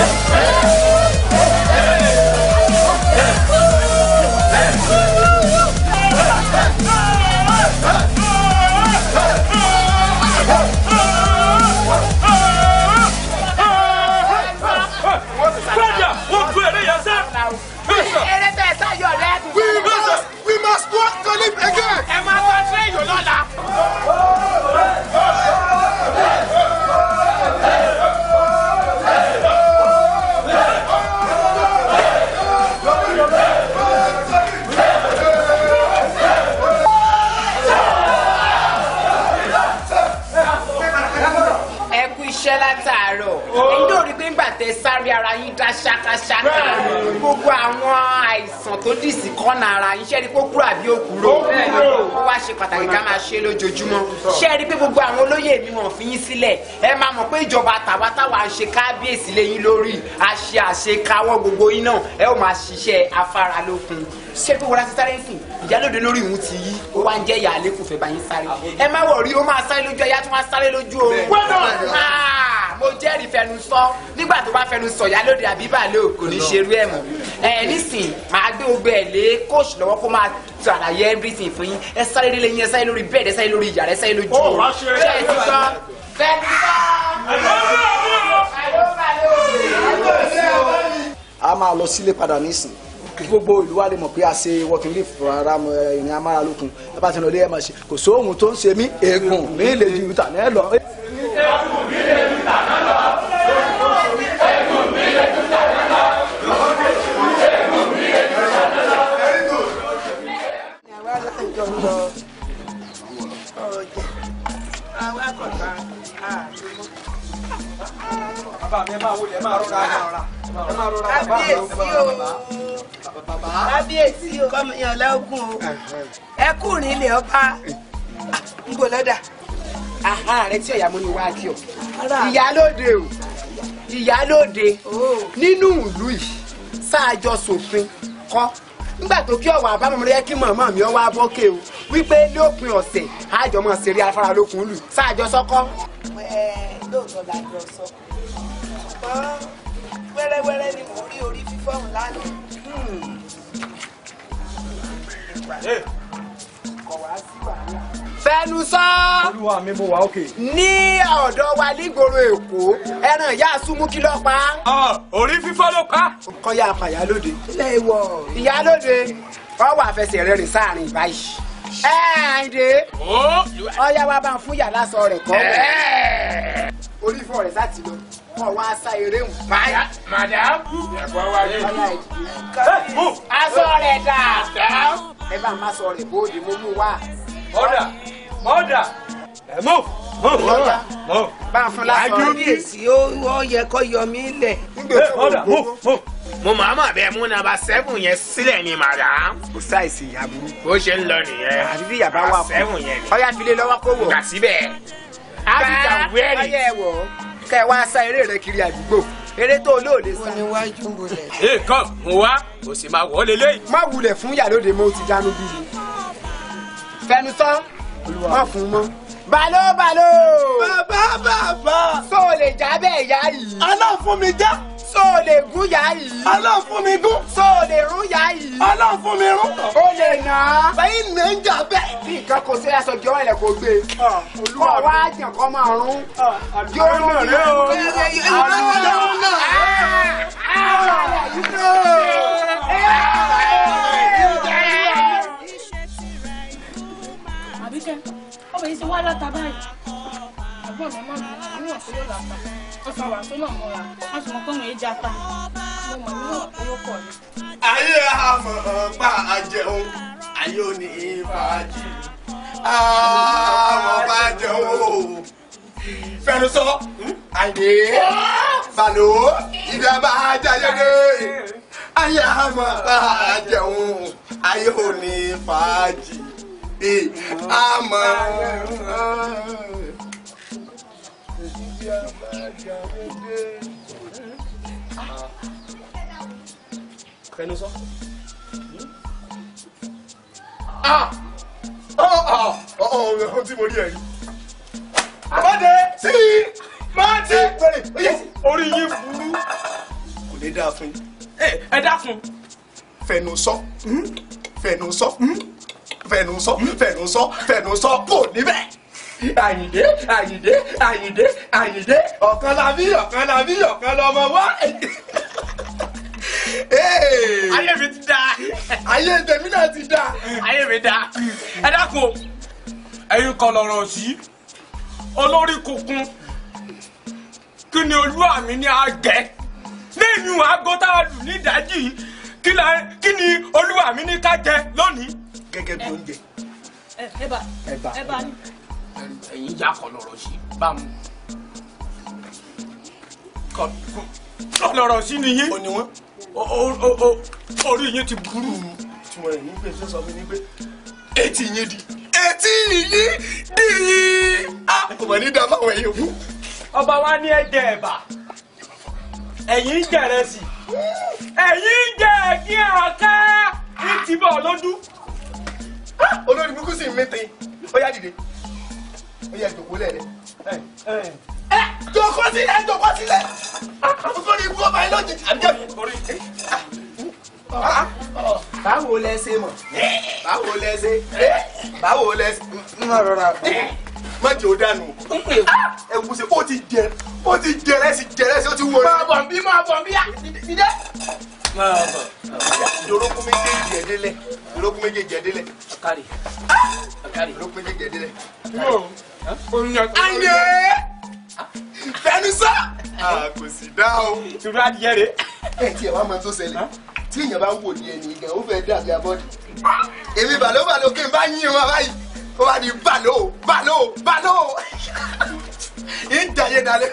Hey! ẹ sáré ara yín dá ṣákáṣáká gbogbo àwọn àìsàn tó dì sí kọ́nà ara yín ṣẹ́ni kó kúrò àbí òkúrò ó wá ṣe pàtàkì ká máa ṣe lójoojúmọ́ ṣẹ́ni pé gbogbo àwọn olóyè mi wọ́n fi yín sílẹ̀ ẹ máa mọ̀ pé ìjọba tàwa táwa ṣe kábíyèsí lẹ́yìn lórí àṣẹ àṣekáwọ́ gbogbo yín náà ẹ ó máa ṣiṣẹ́ afáralókun ṣé pé wọ́n sáré fún ìyálòdè lórí ìhun ti yí ó wá ń jẹ́ ìyá àlékún bá yín sáré ẹ má wọ̀ rí ó máa sáré lójú ẹ̀yà tó máa sáré lójú oorun mo jẹ́rìí fẹnu sọ nígbà tó bá fẹnu sọ ìyá lóde àbí bàálẹ̀ kò ní ṣerú ẹ̀ mọ́ ẹ nísìn màá gbé ogbẹ ẹ lé kóòsì lọ́wọ́ kó máa tu àlàyé everything fún yín ẹ sáré délé yín ẹ sáré lórí bẹ́ẹ̀ ẹ sáré lórí ìyàrá ẹ sáré lójú o ṣé ẹ ti sọ sọ. a máa lọ sílé padà nísìn gbogbo ìlú wa lè mọ̀ pé a ṣe working leaf rárá ìrìn amáralókun ẹ bá ti lọ ẹ máa ṣe kò sóhun tó ń ṣe mí ègùn mi lè ju ìtàn ẹ lọ. ègùn mi lè bàbá mi ẹ máa wọlé ẹ máa rọra ẹ máa rọra bàbá mi ó bàbá. kábíyèsí o kọ́mọyàn lọ́gùn o ẹ kúrin ilé ọba ń bò lọ́dà. àhán rẹ tí ọ̀yà mú ni wá kí o ìyálóde o ìyálóde nínú ìlú yìí sáàjọ ṣòfin kọ́ nígbà tó kí ọ̀wà àbámọ̀ rẹ kí màmá mi ọ wá bọ́kẹ́ o wípé lópin ọ̀sẹ̀ àjọmọ̀ ṣeré afáralókun lù sáàjọ sọ́kọ́. ẹ lóòótọ́ la jọ sọ ṣùgbọ́n wẹ́rẹ́wẹ́rẹ́ ni mò ń rí orí fífọ́ ọ̀hún lánàá. kọ̀ wá sí wàhálà. fẹnu sọ. olúwa mi mo wà òkè. ní ọ̀dọ̀ wa nígboro èkó ẹran ìyá súnmúkí ló pa. Ah, orí fífọ́ ló pa. kọ́ ya pa ìyálóde. ìyálóde wọ́n wà fẹsẹ̀ rẹ̀ sáàrin báyìí. ẹ àìdè. Oh. ọ̀ya wa bá ń fún yàrá sọ rẹ̀ kọ́. Eh. orí fọ́ rẹ̀ sá ti lọ kọ́ wá sá eré ń báyìí. madam ẹ̀fọ́ wa yé. aṣọ rẹ̀ dà. ẹ bá má sọ rẹ̀ bóde mo mú wá. mọ́dà mọ́dà ẹ̀ mọ́ bá a fún lásán ní èsì ó yẹ kó yọ mí lẹ̀. mo máa mọ̀ bẹ́ẹ̀ mú nàbà sẹ́fùn yẹn sílẹ̀ ni màdà. kò sáìsì ìyá burúkú. bó ṣe ń lọ nìyẹn. àti yàrá wà fún un ọyà file lọ́wọ́ kó wò. gà síbẹ̀. a ti jà wẹ́ẹ̀rì. ọyẹ wọ̀ ọ́ kẹ wá sá eré rẹ kiri àdúgbò eré tó olóòlè sá. mo ní wájú bolẹ̀. ee kan mo wá o sì máa wọlé léyìí. má wulẹ̀ fún yàrá òde mo ti dánú bí mi fẹnusán má fún mọ́ balo balo. bàbá bàbá. so lè jábẹ́ ìyá yìí. aná fún mi já. so lè gún ìyá yìí. aná gún. so lè rún ìyá yìí. aná fún mi rún. o lè nà. bẹ́ẹ̀ nà ń jà bẹ́ẹ̀. bí nǹkan kò sí aṣọ jọ ẹ̀rẹ̀ kò gbé. kọ́ wá jàn kọ́ máa rún. yóò rún rẹ o. àrùn náà. àrùn náà. ọbẹ̀ yìí ti wá láta báyìí àbúrò mi máa ń mọ̀ pé yóò láta wọ́n ti wà tó náà mọ́ra wọ́n ti pé òun yé jata mo mọ̀ nínú ọ̀pọ̀ yóò kọ̀ ni. ayé àmọ̀ àjẹun ayé ò ní fàájì àmọ̀ pa àjẹun àyè balo ìdàbà jayede ayé àmọ̀ àjẹun ayé ò ní àmọ́. Kẹ́nu sọ. Ọ̀hún ah! ah! ah! oh, oh, oh, tí mo rí ẹ̀ rí. Àbáde! Sí! Máa ti pèrè! Orí yín burú. Kò lè dáa fún yín. Ẹ dáa fún. Fẹ̀nù sọ. Hmm? Fẹ̀nù sọ. Hmm? fẹnu sọ fẹnu sọ fẹnu kò níbẹ̀. àyìndé àyìndé àyìndé àyìndé ọ̀kan la bí ọ̀kan la bí ọ̀kan lọmọ wá. ayé mi ti da. ayé tèmi náà ti da. ayé mi da. ẹ dákun ẹ̀yin kan lọ̀rọ̀ sí olórí kunkun kí ni olú àmì ní àgẹ lẹ́yìn aago lù ní ìdájí kí ni olúwa mi ní ká jẹ lónìí gẹ́gẹ́ bí oúnjẹ. ẹ̀bà ẹ̀bà ẹ̀bà ni. ẹ̀yin ìyá kan lọ̀rọ̀ sí bá mu kọ lọ̀rọ̀ sí ni o ni wọn. orí yín ti burú. tiwọn ẹ̀ ní pé sọ fún mi pé etí yín di. etí yín di yín. kò mọ̀ ní dáa fáwọn ẹ̀yọ́ fún. ọba wa ní ẹ̀jẹ̀ ẹ̀bà ẹ̀yin ń sí ẹ̀yin ń jẹ̀ ẹ̀gbin ní tìbọ̀ lọ́dún olórí burúkú sì ń mẹ́tẹ́ ó yá dìde ó yá jòkó lẹ̀ rẹ̀ ẹ jòkó sílẹ̀ jòkó sílẹ̀ olórí ibú ọba yẹn lójijì àbíjá mi. Ah, ah, ah. báwo lẹ ṣe mọ̀ báwo lẹ ṣe báwo lẹ ṣe ń rọra má jẹ́ o dànù ẹ wù sí o ti jẹ o ti jẹrẹ sí jẹrẹ sí o ti wọlé. máa bọ̀ bí máa bọ̀ bí yá ìdòrókùn méjèèjì ẹ̀ délẹ̀ ìdòrókùn méjèèjì ẹ̀ délẹ̀. ọ̀kàrì ọ̀kàrì ìdòrókùn méjèèjì ẹ̀ délẹ̀. ayé fẹnusọ. Ah, kò sì dá o. tùrú adìyẹ rẹ. ẹ tiẹ̀ wá máa tó ṣẹlẹ̀ tí èèyàn bá ń wò ní ẹni gan ó fẹ́ dàbí abọ́dì. èmi bàló bàló kí n bá yín wọn báyìí ó wá di bàló bàló bàló. ń dàyé dalẹ̀.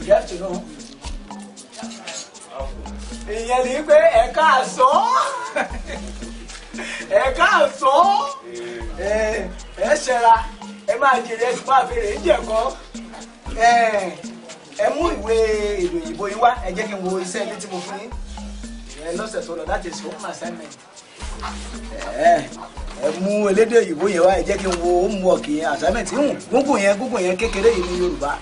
Good afternoon. Ìyẹn ni pé ẹ̀ka àsán. Ẹ̀ka àsán. Ẹ ṣẹra. Ẹ máa jèrè ẹ̀sùn máa fèrè ń jẹ̀kọ́. Ẹ mú ìwé èdè òyìnbó yín wá. Ẹ jẹ́ kí n wo iṣẹ́ ilé tí mo fún yín. Ìyẹn lọ́sẹ̀ tó lọ, that is home assignment ẹ mú elédè òyìnbó yẹn wá ẹ jẹ́ kí n wo homework yẹn assignment ń gúngùn yẹn gúngùn yẹn kékeré yìí ní Yorùbá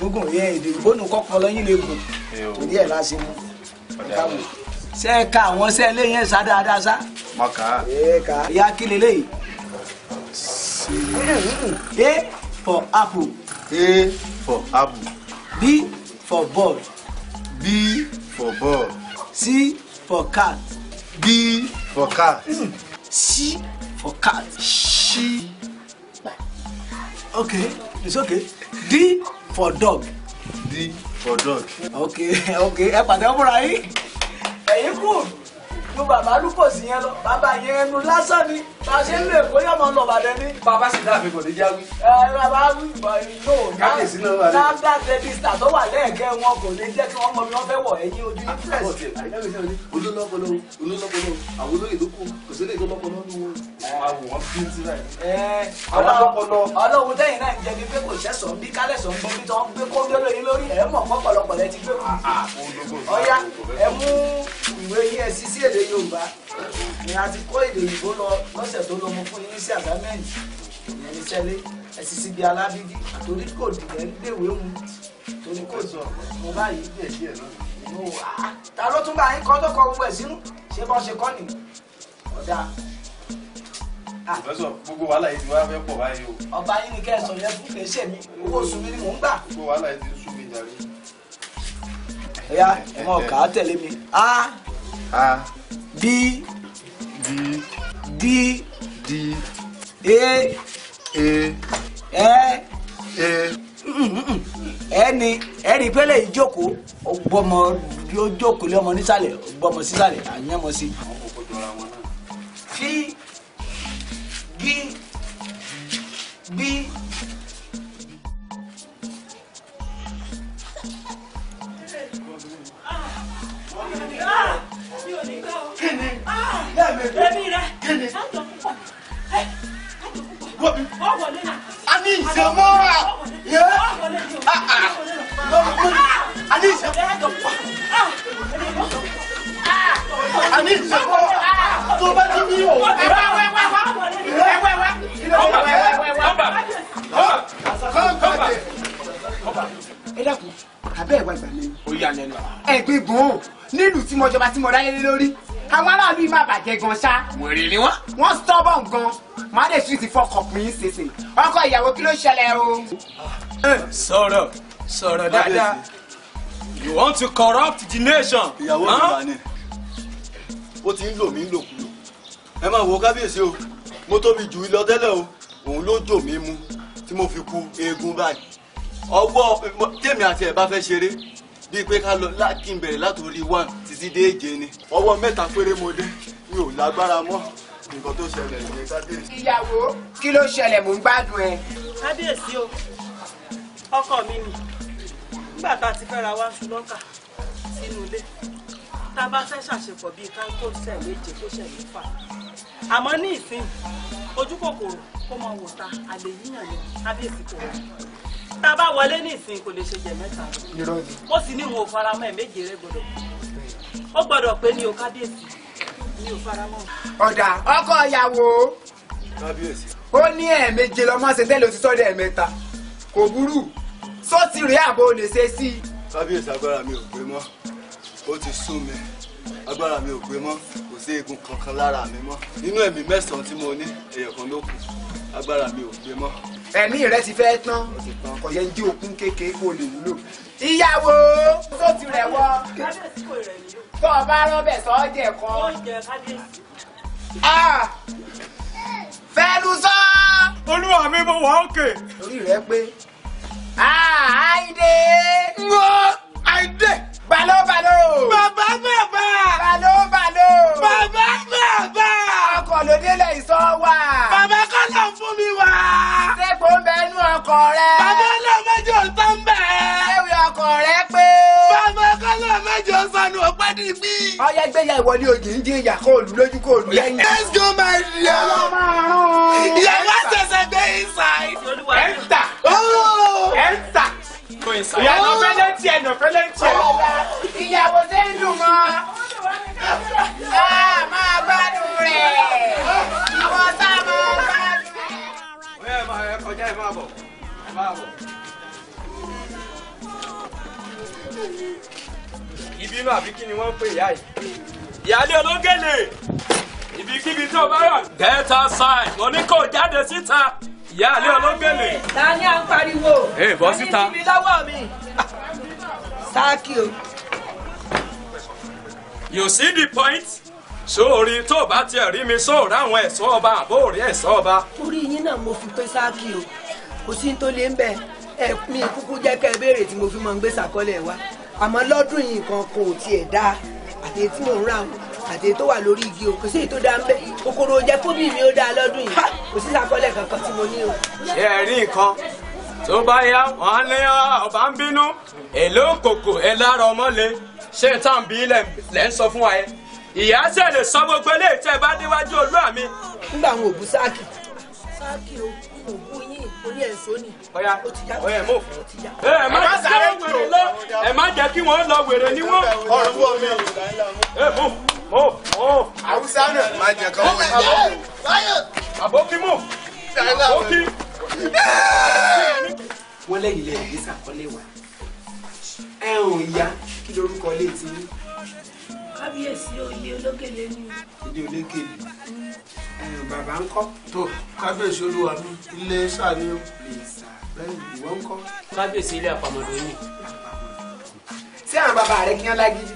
gúngùn yẹn èdè òyìnbó nù kọ́kọ́ lọ́yìn lè gùn torí ẹ̀ láti mú káwọ́ ṣe é ka àwọn ṣe ilé yẹn sá dáadáa sá. mọ kà á. kí lélẹ̀ yìí. A for apple. A for apple. B for ball. B for ball. C for cat. B for cat. C for cat. She. Okay, it's okay. D for dog. D for dog. Okay, okay. Ẹ pàdé ọmọra yín. Ẹ̀yin kù. Mo bàbá lúpọ̀ sí yẹn lọ. Bàbá yẹn ẹnu lásán ni bá a ṣe ń lè kó yá máa ń lọ bàdẹ ní. bàbá sì dáàbí kò ní já wí. ẹ bàbá wí ìlò nàdà tẹlifísítà tó wà lẹ́ẹ̀kẹ́ wọn kò ní jẹ́ kí wọ́n mọ bí wọ́n fẹ́ wọ̀ ẹ̀yìn ojú interest. Ah, olólọ́pọ̀lọ́ olólọ́pọ̀lọ́ àwọn olóyè ló kù kò sí lè tó lọ́pọ̀lọ́ ní wọn. àwọn fi ń tirẹ̀. ẹ ọlọ́run tẹ́yìn náà ń jẹ bí pé kò sẹ́sọ̀ bí kálẹ̀sọ̀ ń bọ́ bí tó ń gbé kó gbé lóyún lórí ẹ̀ mọ̀ pọ̀pọ̀lọpọ̀ lẹ ti gbé kù. Ah, ah, ọ̀ya ẹ mú ìwé yín ẹ sí sí èdè Yorùbá ìyẹn a ti kó èdè òyìnbó lọ lọ́sẹ̀ tó lọ fún yín sí àgámẹ́ǹtì ìyẹn ní sẹ́lé ẹ̀sì síbi alábíbí torí kò dìgbẹ́ gbèwé mu torí kò sọ mo báyìí díẹ̀ díẹ̀ lọ́nà. Ah, ah, ta ló tún bá yín kọ́ tó kọ gbogbo ẹ̀ sínú ṣé bọ́ ṣe kọ́ nìyí ọ̀dà. ìfẹsọ̀ ah. gbogbo wàhálà yìí ti wá fẹ́ pọ̀ báyìí o. ọba yín ni kẹ́ ẹ sọ yẹn fún kèéṣe mi owó oṣù mi ni mò ń gbà. gbogbo wàhálà yìí ti sú mi jàre. ẹ̀yà ẹ̀mọ̀ ọ̀kà tẹ̀lé mi. a. a. B D D D A A ẹ e, ẹ e. ẹni ẹni pẹ̀lẹ́ ìjókòó ọgbọmọ yóò jókòó lé ọmọ nísàlẹ̀ ọgbọmọ sísàlẹ̀ àyànmọ sí. àwọn kòkó jọra wọn fi bí bí. kíni lẹ́ẹ̀mejì kíni wọ́bi ani ìsèmọ́ra yẹ ani ìsèmọ́ra ani ìsèmọ́ra tó bá ti ní òwò ẹ bá wẹ́ wẹ́ wá wẹ́ wẹ́ wá ọba ọba ọba ọba ọba ẹ dàkún abẹ́ ìwà ìgbà mi. ó yà lẹ́nu. ẹ̀gbin gbòó nílùú tí mo jọba tí mo ráyé lé lórí àwọn aráàlú yìí máa bàjẹ́ gan ṣá. wèrè ni wọ́n. wọ́n stubborn gan máa lè tún ti fọkàn pín ṣèṣe ọkọ ìyàwó kí ló ṣẹlẹ̀ o. sọ̀rọ̀ sọ̀rọ̀ dáadáa you want to corrupt the nation. ìyàwó mi wà ní ó ti ń lò mí lòkulò ẹ máa wo kábíyèsí o mo tóbi jù ú lọ tẹ́lẹ̀ o òun ló jò mí mu tí mo fi ku eegun báyìí ọwọ́ tèmi àti ẹ̀ bá fẹ́ ṣeré bíi pé ká lọ kí n bẹ̀rẹ̀ látòrí one títí dé èje ni ọwọ́ mẹ́ta péré mo dé mi ò lágbára mọ́ nǹkan tó ṣẹlẹ̀ ìyẹn kábíyèsí. ìyàwó kí ló ṣẹlẹ̀ mò ń gbádùn ẹ. kábíyèsí o ọkọ mi nì nígbà tá a ti fẹ́ra wá ṣùlọ́kà sínú ilé tá a bá fẹ́ ṣàṣepọ̀ bíi ká kó ṣẹ̀ méje kó ṣẹ̀ mẹ́fà àmọ́ ní ìsìn ojú kòkòrò kó máa wò ta àlè yíyàn ni kábíyèsí kò rẹ̀ tá a bá wọlé ní ìsìn kò lè ṣe jẹ mẹ́ta lọ ó sì ní ìwọ̀n faramọ́ ẹ̀ méje rẹ gbọ́dọ̀ ó gbọ́dọ̀ pé ní o kábíyèsí ní o faramọ́. ọ̀dà ọkọ ìyàwó ó ní ẹ̀ẹ̀méje lọ́mọ ṣe tẹ́lẹ̀ òtítọ́ dẹ̀ mẹ́ta kò burú sọ́ọ̀tì rẹ̀ àbò lè ṣe sí i. kábíyèsí agbára mi ò gbé mọ́ ó ti sún mi agbára mi ò gbé mọ́ kò sí eegun kankan lára mi mọ́ nínú ẹ̀mí mẹ́sàn-án tí mo ní ẹ̀yọ̀kan ló kù agbára mi ò gbé mọ́ ẹ̀mí rẹ ti fẹ́ tán kò yẹ ń dí okun kékeré kó lè wúlò. ìyàwó tó ti rẹ̀ wọ. tó o bá rọ́bẹ̀ sọ́ọ́jẹ̀ kan. Ah! fẹ́nu sọ. olúwa mi mo wà òkè. orí rẹ pé. Ah, àìdè. ń wo àìdè. balóbaló. bàbá bẹ́ẹ̀. ọkọ rẹ. bàbá náà mẹ́jọ tán bẹ́ẹ̀. ewì ọkọ pé. bàbá kọ́lá mẹ́jọ sanu ọ̀pẹ́ ní bí. ọyẹ gbéyà ìwọlé òjì ń jẹ ìyà kóòlù lójú kóòlù lẹ́yìn. let's go my dear. ìyàwó àṣẹṣẹ gbé inside. enter. Oh. enter ìyàwó fẹlẹ tiẹ nà fẹlẹ tiẹ. ìyàwó tẹ ń dùn mọ máa gbádùn rẹ ìwọ sá máa gbádùn. ọ̀yá ẹ̀ máa kọjá ìbínú àbí kí ni wọ́n ń pè ìyá yìí. ìyáálé ológèlè ibikíbi tó bá yà. delta sign mo ní kó jáde síta ìyáálé ológèlè. ta ni à ń pariwo. ee bọ́ síta. ẹni níbi lọ́wọ́ mi. sáàkì o. you see the point sóòrì tó bá tiẹ̀ rí mi sóòrì àwọn ẹ̀ṣọ́ ọba àbóòrí ẹ̀ṣọ́ ọba. orí yín náà mo fi pé sáàkì o kò sí tó lé ń bẹ ẹ mi kúkú jẹ́ kẹ́ ẹ béèrè tí mo fi máa ń gbé sàkọ́lẹ̀ wa àmọ́ lọ́dún yìí kan kò tiẹ̀ dáa àti tí mò ń rà wọn àti tó wà lórí igi o kò sí èyí tó dáa ń bẹ kòkòrò jẹ kóbì mi ó dáa lọ́dún yìí kò sí sàkọ́lẹ̀ kankan tí mo ní o. ṣé ẹ rí nǹkan tó bá yá wọn á ní ọba ń bínú èlò kòkò ẹ lára ọmọ le ṣé táwọn bí lẹ ń sọ fún wa yẹn ìyá ṣe lè sọ gbogbo eléyìí tẹ bá déwájú olú àmì. nígbà àwọn òbú sáàkì sáàkì òbú yín orí ẹ̀ sóni. ọ̀yà ọ̀yà mọ̀ ẹ má jẹ́ wèrè lọ ẹ má jẹ́ kí wọ́n lọ wèrè ní wọ́n. ọ̀rọ̀ wọ mi. ẹ lẹ́yìn lẹ́yìn ní sàkọ́lé wa ẹ ò ya kí lorúkọ ilé ti ní. kábíyèsí oyè olókèlè ni. ilé olókèlè bàbá ń kọ́. tó kábíyèsí olúwa mi ilé sàní o bẹ́ẹ̀ ìwọ ń kọ́. kábíyèsí ilé àpamọ́dé yìí. tí àwọn bàbá rẹ kí wọn lágídí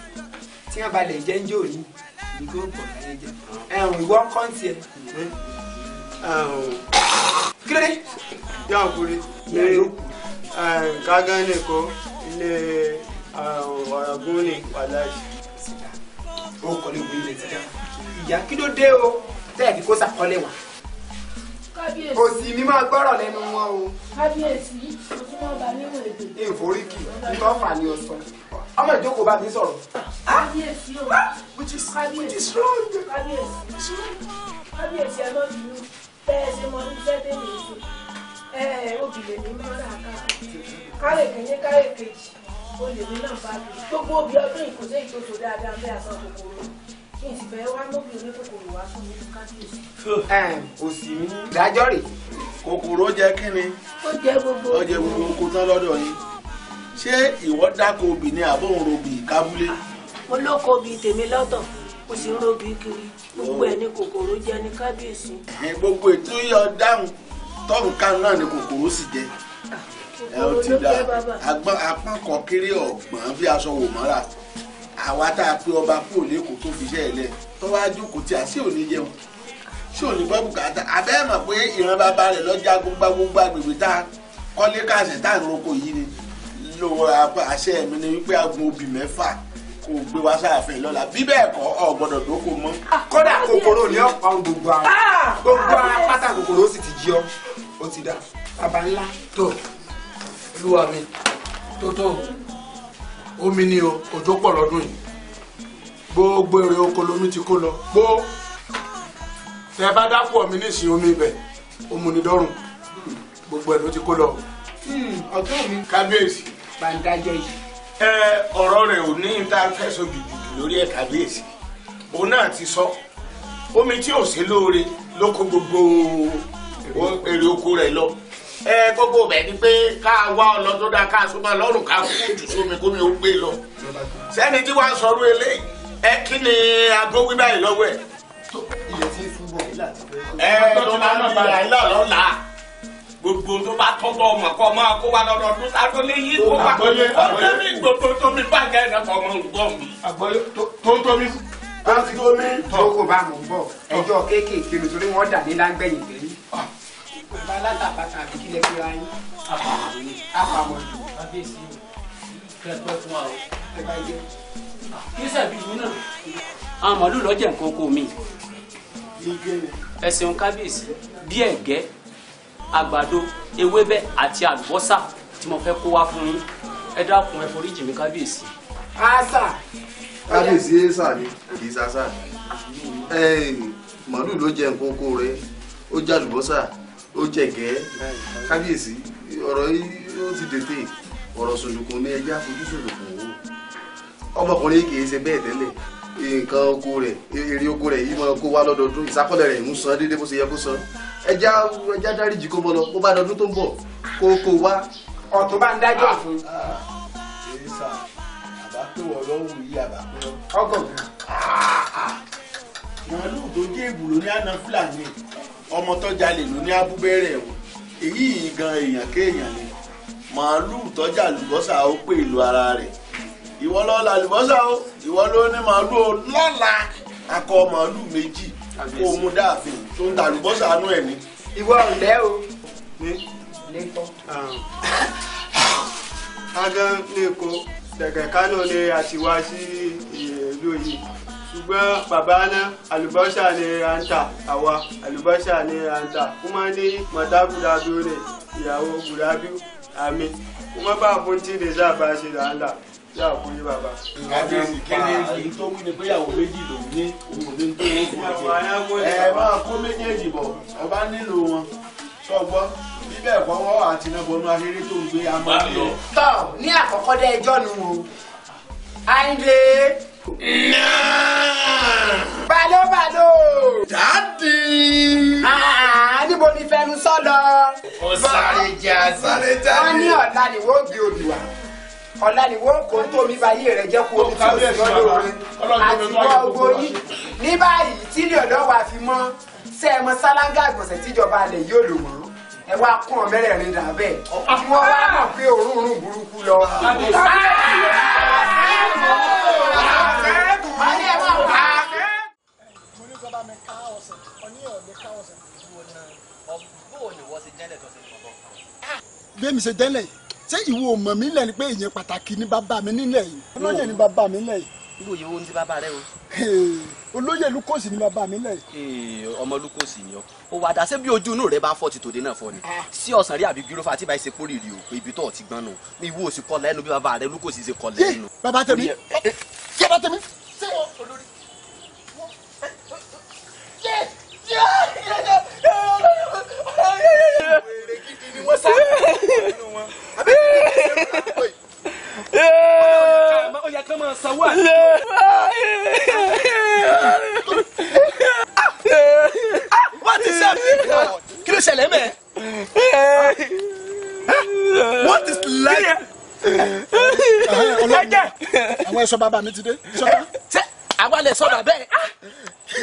tí wọn balẹ̀ jẹ́ ń òní ní kí pọ̀ láyé jẹ ẹ̀hún ìwọ kọ́ ń tiẹ̀. kílódé. yà á yóò kú. gágán lè kó ilé ọ̀rọ̀gún ní wàhálà yìí. ó kọ́ lè wí ilé ìyá kí ló dé o tẹ́ẹ̀dì kó sàkọlẹ̀ wá. òsì mi máa gbọ́rọ̀ lẹ́nu wọn o. kábíyèsí ojúmọ́ bá níwọ̀n èdè. ìforíkì nǹkan fà ní ọ̀sán ọmọ ìjókòó bá mi sọ̀rọ̀. kábíyèsí o ah, kábíyèsí kábíyèsí kábíyèsí ẹ lọ́ọ́ bínú bẹ́ẹ̀ ṣe mọ ní sẹ́tẹ̀ mi ṣe obìnrin mi mọ́ náà ká kárèké ní kárèkejì olè mi náà gbogbo obì ọdún ìkọ́sẹ́ ìtòtò dáadáa bẹ́ẹ̀ àtọ́ kòkòrò òsì mi dájọ́ rè. kòkòrò jẹ kínni. ó jẹ gbogbo ó jẹ gbogbo oko tán lọ́dọ̀ yín. ṣé ìwọ dáko obì ni àbọ̀ ń robì kábúlé. mo lóko obì tèmi lọ́tọ̀ mo sì ń robì kiri gbogbo ẹ̀ ni kòkòrò jẹ ní kábíyèsí. gbogbo ètò yọ dáhùn tọ́hùn kan náà ni kòkòrò sì jẹ ah, ẹ ó ti da apá kan kiri ọgbọ́n bí aṣọ wò mọ́ra àwa tá a pe ọba kúrò lẹ́kọ̀ọ́ tó fi iṣẹ́ ẹ̀ tó wá jókòó tí a ṣé ò ní jẹun ṣé ò ní gbọ́ bùkátà abẹ́ ẹ̀ mọ̀ pé ìran bàbá rẹ̀ lọ́jà gbogbogbò agbègbè tá a kọ́lé káàsẹ̀ tá a roko yìí ni lọ́wọ́ àṣẹ mi ni wípé agun obì mẹ́fà kò gbé wá sáàfin lọ́la bí bẹ́ẹ̀ kọ́ ọ gbọ́dọ̀ dóko mọ́. Ah, kódà kòkòrò ní ọ̀pọ̀ gbogbo ara ah! gbogbo ara pátá kòkòrò ó sì ti jí ọ ó ti dà bàbá ńlá. tó olúwa mi tó tó omi ni o òjò pọ̀ lọ́dún yìí gbogbo èrè oko lomi ti kó lọ gbó tẹ bá dákú ọ̀mí nísìnyí omi ibẹ̀ omunidọ́rùn gbogbo ẹ̀ ló ti kó lọ. Hmm, ọ̀gá mi. kábíyèsí. gbàǹdájọ yìí. ẹ ọ̀rọ̀ rẹ̀ ò ní ta fẹ́sọ̀ gidi lórí ẹ̀ kábíyèsí òun náà ti sọ omi tí ò sí lóore ló kó gbogbo èrè oko rẹ̀ lọ ẹ gbogbo bẹ̀ ni pé ká wá ọlọ tó dáa ká sọmọ lọ́rùn ká kú jù sómi kó mi ó gbé lọ sẹ́ni tí wàá sọ̀rọ̀ eléyìí ẹ kí ni aago wí báyìí lọ́wọ́ ẹ̀. ẹ tó máa ń bàrà ilé ọ̀lọ́la gbogbo tó bá tọ́gbọ́ ọmọ kọ́ máa kó wa lọ́dọọdún sáto léyìí kó wa ọjọ́ mi gbogbo tó mi bàjẹ́ ìrẹ́pọ̀ ọmọ olùgbọ́ mi. àgbọ̀yé tó ń tóbi. tó ń tóbi tó kò bá mọ̀ ń bọ̀ ẹjọ́ kéékèèké nítorí wọ́n dà ní láńgbẹ̀yìn lẹ́yìn bàbá látàbàtà àbí kílẹ̀ fi ra yín àpamọ̀jù. kábíyèsí kẹgbẹ́ fún wa o. ẹ bá jẹ. kí sẹ́ẹ̀bì mi náà. àwọn màálù lọ́jẹ̀ nǹkan kò mí. ẹ ṣeun kábíyèsí bí ẹ̀gẹ́ àgbàdo ewébẹ̀ àti àlùbọ́sà tí mo fẹ́ kó wá fún yín ẹ dákun ẹ foríjì mi kábíyèsí. àṣà. kábíyèsí èsà ni kì í ṣàṣà màálù ló jẹ nǹkan kó rẹ ó jẹ àlùbọ́sà ó jẹ̀gẹ́ kábíyèsí ọrọ ti dètè ọrọ ní àfojú o ọmọkùnrin kì í ṣe bẹ́ẹ̀ tẹ́lẹ̀ nǹkan oko rẹ èrè oko rẹ yìí máa kó wá lọ́dọọdún ìsákọ́lẹ̀ rẹ̀ ń san déédéé bó ṣe yẹ kó ẹja ẹja dáríjì kó mọ lọ kó bá dọdún tó ń kó kó bá ń ah, ah, ah. fún. ọmọ tó jalè ló ní abúbẹ́rẹ́ ẹ̀wọ̀n èyí yìí gan èèyàn kéèyàn ni màálù tọ́jà lùbọ́sà ó pè ara rẹ̀ ìwọ ló la lùbọ́sà ó ìwọ ló ní ó lọ́la akọ méjì kó o mú dáàfin tó ń ta lùbọ́sà ẹ̀ o. ní lẹ́kọ̀ọ́. agan lẹ́kọ̀ọ́ kánò ni ṣùgbọ́n bàbá náà àlùbọ́sà ni ra ń tà àwa àlùbọ́sà ni ra ń tà kó má ní mọ̀tá gùdàbí ó lè ìyàwó gùdàbí àmì kó má bàa fún tí lè sábà ṣe là ń tà sí àkúrí bàbá. kábíyèsí kí èyí tó wí ni pé ìyàwó méjì lòún ní òun ní tó ní ìfún ẹ ẹ máa kó méjèèjì bọ̀ ẹ bá nílò wọn sọgbọ́n bíbẹ̀ fọwọ́ àti nàbọnú ahéré tó ń gbé amọ̀ lọ. tọ́ ní àkọ́kọ́ dẹ́ ẹjọ́ nu o náà. balo balo. jáde. níbo ni fẹnu sọlọ. ó sáré jáde. sáré jáde. wọ́n oh ọ̀la ni wọ́n gbé obì wá ọ̀la ni wọ́n kò tómi báyé rẹ̀ jẹ́ kó omi tí o sì ọdún orin àti wọ́n ogoyí ní báyìí tí ilé ọ̀dọ́ wa fi mọ́ sẹ́ẹ̀mọ́ sálángà àgbọ̀nsẹ̀ tíjọba alẹ̀ yóò lò wọ́n ẹ wá kún ọ mẹ́rẹ̀ẹ̀rin dà bẹ́ẹ̀ tí wọ́n wá mọ̀ pé òórùn burúkú lọ. bẹ́ẹ̀mi ṣe dẹ́lẹ̀ ṣé ìwọ ò mọ̀ mí lẹ́ni pé èèyàn pàtàkì ni bàbá mi nílẹ̀ yìí ọlọ́yẹ̀ ni bàbá mi nílẹ̀ yìí. irú òye wo ni ti bàbá rẹ o olóyè lukosi ni bàbá mi lẹ. ọmọ lukosi ni ọ ó wà dá ṣé ojú inú rẹ bá fọ́ ti tòde náà fọ́ ni sí ah. ọ̀sán rí àbí gírófà tí báyìí ṣe pórí rí o pé ibi tó ọ̀ ti gbọ́n nù ìwú òsì kọ́ lẹ́nu bí bàbá rẹ lukosi ṣe kọ́ lẹ́nu. bàbá tèmi bàbá tèmi ṣé olórí. wèrè gidi ni wọ́n sá nínú wọn àbí kí ni wọ́n ń pè é ó yẹ ká máa sanwó àti. wọ́n ti ṣe àfihàn kí ló ṣẹlẹ̀ mẹ́. what is life. ọlọ́run àwọn ẹ̀ṣọ́ bàbá mi ti dé. ṣé àwa lè sọ bàbá ẹ̀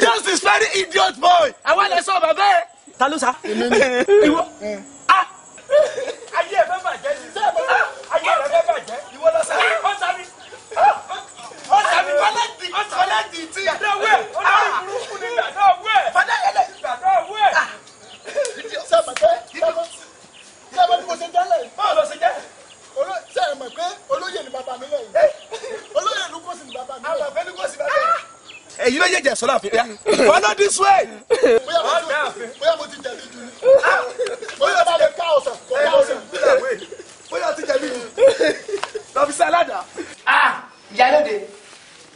just this very idiot boy àwa lè sọ bàbá ẹ̀. ta ló sá. èmi ni. ìwọ. èyí ló yẹ jẹ sọlá fi follow this way. bóyá mo ti jẹ̀bi jù ní. bóyá bá lè ká ọ̀sán kó ká ọ̀sán. bóyá ti jẹ̀bi jù. lọ́fíìsì aládàá. a ah, ìyálóde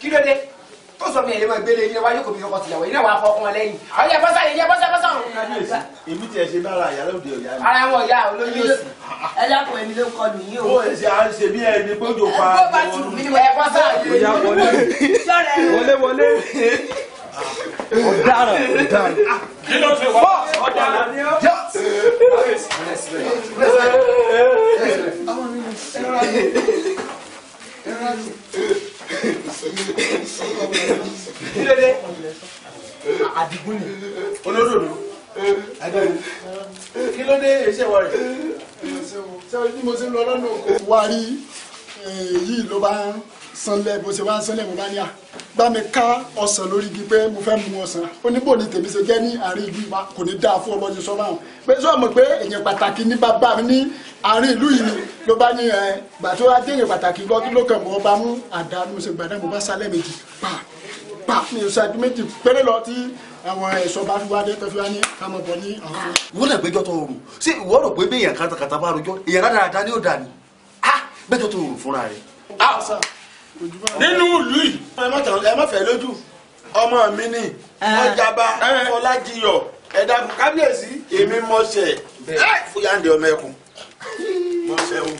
kí ló dé tó sọ mi ẹ̀ lè máa gbélé yín wáyé kò bí ọkọ tìyàwó yín náà wàá fọkàn wọn lẹ́yìn àwọn yẹn fọ́sà yẹn fọ́sà fọ́sà ọ̀hún. kábíyèsí èmi tiẹ̀ ṣe bá ara ìyálóde ọ̀yá mi. ara wọn ìyá olóyè òsì. ẹ dákun èmi ló kọlù yín o. ó ṣe à ń ṣe bí ẹni gbọ́dọ̀ pa. ẹ pa tù mí ni wọ́n ẹ fọ́sà. ó yà wọlé wọlé wọlé ọ̀daràn ọ̀daràn bọ́ ọ̀daràn yá. Kílódé àdìgún ni olódodo àdìgún kílódé èsè wọ rẹ. sẹ́wọ́n bí mo ṣe ń lọ lọ́nà òkú. wárí èyí ló bá ń sanlẹ̀ bó ṣe wá ń sanlẹ̀ mo bá ní à bá mi ká ọsàn lórí igi pé mo fẹ́ mu ọsàn oníbò ni tèmi ṣe jẹ́ ní àárín ìlú wa kò ní dáa fún ọlọ́jọ́ sọ́mọ́ àwọn pé sọ mọ̀ pé èèyàn pàtàkì ní bàbá mi ní àárín ìlú yìí ni ló bá ní ẹ gbà tó wá dé èèyàn pàtàkì gbọ́ kí ló kàn mọ́ ọba mú àdá ni mo ṣe gbàdá mo bá sálẹ̀ méjì pa pa mi ò ṣáájú méjì péré lọ tí àwọn ẹ̀ṣọ́ bá fi wá dé tọ́fi wá ní kámọ́ bọ̀ ní àwọn. wọ́n lè gbẹ́jọ́ tó rùn sí ìwọ rò pé bí ah gbẹ́jọ́ tó rùn fúnra nínú ìlú yìí. ẹ má fẹ́ lójú ọmọ mi ni ah. ọjàba eh. fọlájiyọ ẹ dákun kábíyèsí èmi mọṣẹ fúyàǹdẹ ọmọ ẹkùn mọṣẹ o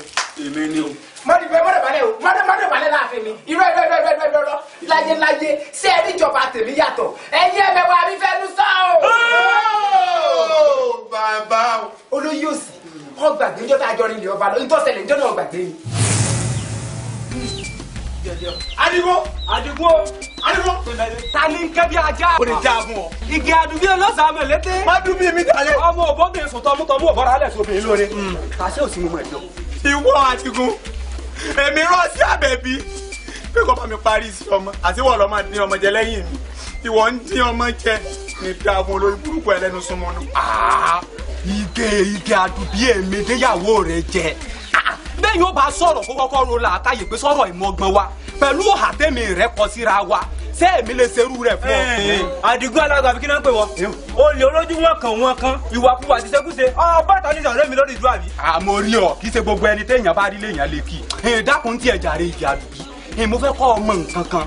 èmi ni o. mọ́ni bẹ́ẹ̀ mọ́ni balẹ̀ o mọ́ni mọ́ni balẹ̀ láàfin mi irọ́ irọ́ irọ́ irọ́ irọ́ irọ́ láyé láyé ṣé ẹ níjọba tèmi yàtọ̀ ẹ̀yin ẹ̀mẹ̀ wa mi fẹ́ẹ́ nu sá o. Oh, bàbá olóyè òsì ọgbàgbé njọ́ta àjọrin ilé ọba lọ ntọ́sẹ̀lẹ̀ njọ́ náà ọgbàgbé ni. Adigun Adigun Adigun ta ni nkẹ́ bí ajá. O de ja fún ọ. Igi adubi ọlọ́sàn-án mi létí. Má dúbí mi dalẹ̀. Ọmọ òbó mi sùn tọmútọmú ọ̀bọ̀rọ̀ alẹ̀ sóbì yín lóore. Kàṣẹ́ hmm. òsì mi mọ̀ ẹ̀jọ́. Ìwọ Adigun, èmi rán sí àbẹ̀bí. Pé kò bá mi parí sí ọmọ, àti wọ́n lọ dín ọmọ jẹ lẹ́yìn mi. Ìwọ ń dín ọmọ jẹ ní dààmú olórí burúkú ẹlẹ́nu súnmọ́nù. Ah, Ike Ike adubi èmi rẹ jẹ téèyàn ó bá sọ̀rọ̀ kó kọ́kọ́ ro làákàyè pé sọ̀rọ̀ ìmọ̀gbọ́n wa pẹ̀lú àtẹ̀mí rẹ̀ kọ síra wa sẹ́ẹ̀mí lè ṣerú rẹ̀ fún ọ. àdìgún alága àbí náà pè wọ́n. olè olójú wọn kan wọn kan ìwàkuwà àti ṣekúṣe. ọba ta ni sọ̀rọ̀ mi lórí ìlú àbí. àmọ́ rí ọ kì í ṣe gbogbo ẹni téèyàn bá rí léèyàn lè kí. dákun tí jàre ìjà àdùbí. mo fẹ́ kọ́ ọmọ nǹkan kan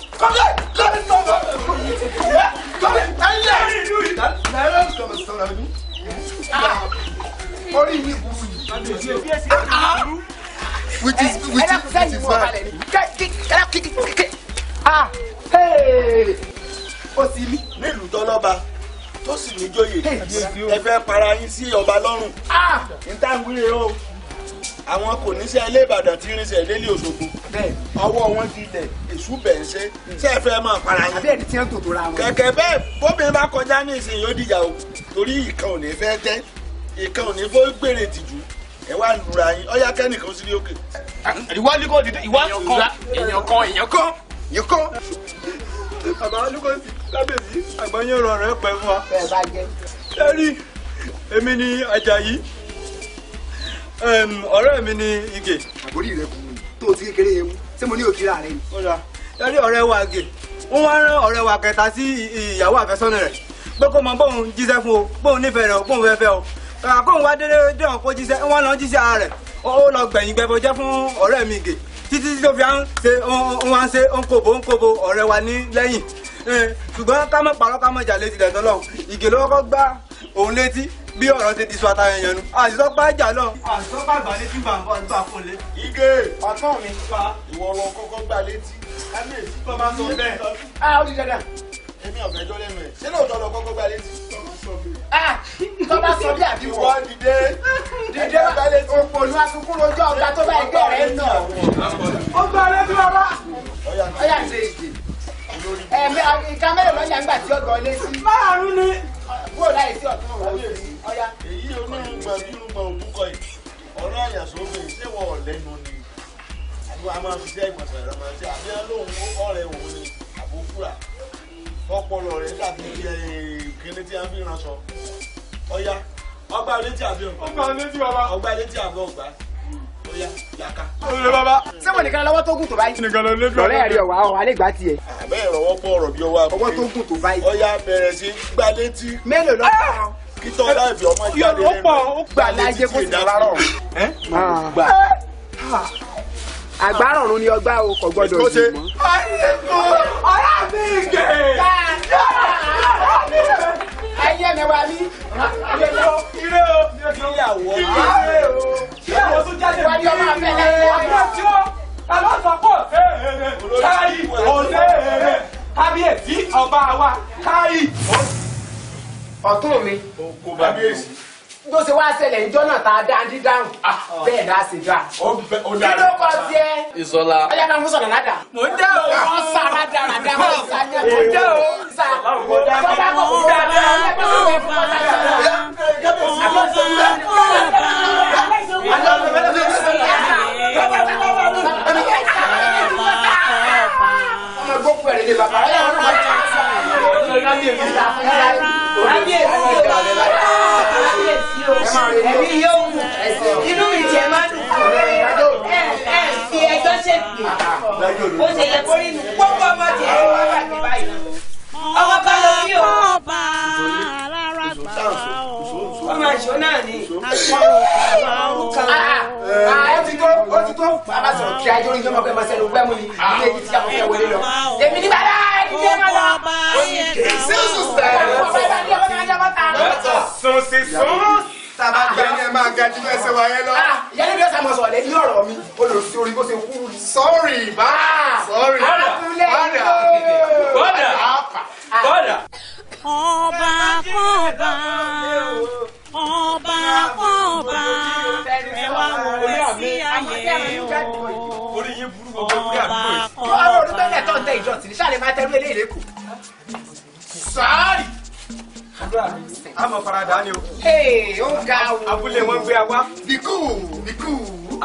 orí mi burú yìí. which is which is which is why. ó sì rí nílùú tọ́lọ́ba tó sì níjòyè oh. ẹ fẹ́ para yín sí ọba lọ́rùn. Ah. n tá n wúre o àwọn kò ní sẹ́ ilé ìbàdàn tí irinṣẹ́ délé òṣogbo ọwọ́ wọn ti lẹ̀ èṣù bẹ́ẹ̀ ṣe hmm. ṣe é fẹ́ máa para yín. abẹ́ẹ̀ni tí wọ́n tòtò ra wọn. kẹ̀kẹ́ bẹ́ẹ̀ bóbìnrin bá kọjá ní ìsìn yóò dìjà o torí ìkan ò ní fẹ́ tẹ́ ìkan ò ní fọ́ gbèrè tìjú ẹ wá lura yín ọ̀yá kẹ́nìkan sí ní òkè. ìwọ ní kò dìde ìwọ èèyàn kan èèyàn kan èèyàn kan. àmọ́ alúkọ̀sí lábẹ́bí àgbọ̀nyẹ̀rọ̀ rẹ̀ pẹ̀ fún wa. bẹ́ẹ̀ bá jẹ́. sẹ́rí èmi ni Àjàyí ọ̀rẹ́ mi ni Ige. àbórí rẹ kù tó o ti kékeré yẹn mú ṣé mo ní òkìlà rẹ ni. ó dà lórí ọ̀rẹ́ wa Ige wọ́n wá rán ọ̀rẹ́ wa kẹta sí ìyàwó àfẹ́sọ́nà rẹ̀ pé kó mọ bóun jíṣẹ́ fún o bóun nífẹ̀ẹ́ rẹ̀ o bóun fẹ́ fẹ́ o kàkà kóun wá délé dé ọ̀hún kó jíṣẹ́ wọ́n lọ jíṣẹ́ ara rẹ̀ ó lọ gbẹ̀yìn gbẹ̀bọ̀ jẹ́ fún ọ̀rẹ́ mi Ige títí tó fi ṣe ń wá ṣe ń kòbó ń kòbó ọ̀rẹ́ wa ní lẹ́yìn ṣùgbọ́n ká mọ̀ pàrọ̀ ká mọ̀ jà létí dẹ̀tọ́ lọ́hùn Ige ló kọ́kọ́ gbá òun létí bí ọ̀rọ̀ ṣe ti sọ àtàyàn yẹn nu. àìsọ́pá ìjà lọ. àìsọ́pá ìgbà létí gbà ń bọ̀ gbà fún lé. ige ọ̀tọ̀ mi pa ìwọ lọ kọ́kọ́ gbà létí. kábíyèsí tó máa sọ bẹ́ẹ̀. a ó di dandan. èmi ọ̀fẹ́ jọ lẹ́nu ẹ̀ ṣé lóòótọ́ lọ kọ́kọ́ gbà létí. tó bá sọ bí àbí wọ. dìde dìde gbà létí. òpònú asunkún lójú ọ̀gá tó bá ẹgbẹ́ rẹ̀ nà. ó gbà létí bàbá. ọ̀yà ṣe ìdè. ẹ̀ẹ̀mí ìka mẹ́rin lọ́jà ńgbà tí ọ̀gá ọ aláìsí ọ̀tún èyí onírúgbà bí irúgbà òbúkọ yìí ọ̀rọ̀ àyàsófin ṣé wọ́n ò lẹ́nu ni àbúrò a fi ṣe ìgbọ̀nsẹ̀ rẹ̀ máa ṣe àbí lóhùn ọ̀rẹ́ òun ni àbúfúrà ọpọlọ rẹ̀ dàbí kíní tí a fi ránṣọ ọ̀yá ọgbà létí àbí ọgbà ọgbà létí àbí ọgbà olè bàbá. sẹ́wọ̀n nìkan lọ́wọ́ tó gùn tó báyìí. nìkan lọ lẹ́jọ́ lọ́rẹ́ rí ọ̀wá ọ̀hún alẹ́ gbà tiẹ̀. àbẹ́ ìrọ̀wọ́ pọ̀ ọ̀rọ̀ bí ọwọ́ àbúrò. ọwọ́ tó gùn tó báyìí. ọya bẹ̀rẹ̀ sí gbá létí. mélòó lọ. Ah! kítọ́ láìpẹ́ ọmọ ìjáde lẹ́nu. yóò pọ̀ ó gbà láyé kó ti rárọ̀. Ah. àgbárọ̀run ni ọgbà o kò gbọ́dọ̀ yìí mọ́. ọ̀rẹ́ mi gẹ̀ ayé mi wá ní. ire o ìyàwó ire o ìyàwó tó jáde ní ire o àlọ́ sọ pọ̀ káyì òṣèré kábíyèsí ọba wa káyì. ọ̀tún mi kábíyèsí bó ṣe wá ṣẹlẹ̀ ìjọ náà tá a dá ní dáhùn bẹ́ẹ̀ náà ṣe dá. kí ló kọ sí ẹ. ìsọlá. ọjà náà fún sọ̀rọ̀ ládàá. mo dé o. wọ́n sá ládàá ládàá wọ́n sá ní ọjọ́. mo dé o. sá bàbá kò kú dáadáa ẹgbẹ́ tó fẹ́ fún ọ̀tá yàrá. àlọ́ sọ wúlá. àlọ́ sọ wúlá. ọmọ gbókù ẹ̀rẹ́ ni bàbá yà wọ́n máa ń tẹ̀ ẹ́ sọ́ọ̀ ẹ̀mí yóò mú inú mi tiẹ̀ máa dùn fún ẹ ẹ fi ẹjọ́ ṣègbè bó ṣe yẹ kó rí nu pọ́pọ́ ọmọ tiẹ̀ ló wá bàjẹ́ báyìí ọwọ́ bá lọ rí o. ó máa ṣó náà ni. ó ti tó ó ti tó bàbá sọ̀rọ̀ kí ajó oríṣi ọmọkùnrin máa ṣẹlẹ̀ ògbẹ́mu ni ilé yìí ti àwọn ẹ̀wọ̀n lé lọ. èmi ní bàbá ìdílé máa lọ. ó sì kè é sí òṣùṣù sẹ́yìn. ó sì kè é sí òṣùṣù sẹ́yìn tàbá jẹ. Ah, yẹn yẹn máa ga jù ẹsẹ̀ wa ah, yẹn lọ. yẹn ní bí ẹsẹ̀ mọ̀ sọ̀rọ̀ lẹ́yìn ọ̀rọ̀ mi olùsí orí bó ṣe kú. sọ́ọ̀rì bá sọ́ọ̀rì bọ́dà bọ́dà bọ́dà. ọba kọba ọba kọba ẹ wá wọlé sí ayé o ọba kọba. ọ̀rọ̀ orí bẹ́ẹ̀ tọ́ ń tẹ ìjọ tì ní sáré máa tẹ́lú eléyìí lẹ́kọ̀ọ́. sáré àdúrà mi a mọ̀ faradà ni o. ó ga o. abúlé wọn gbé wa. bíkú bíkú. bíkú.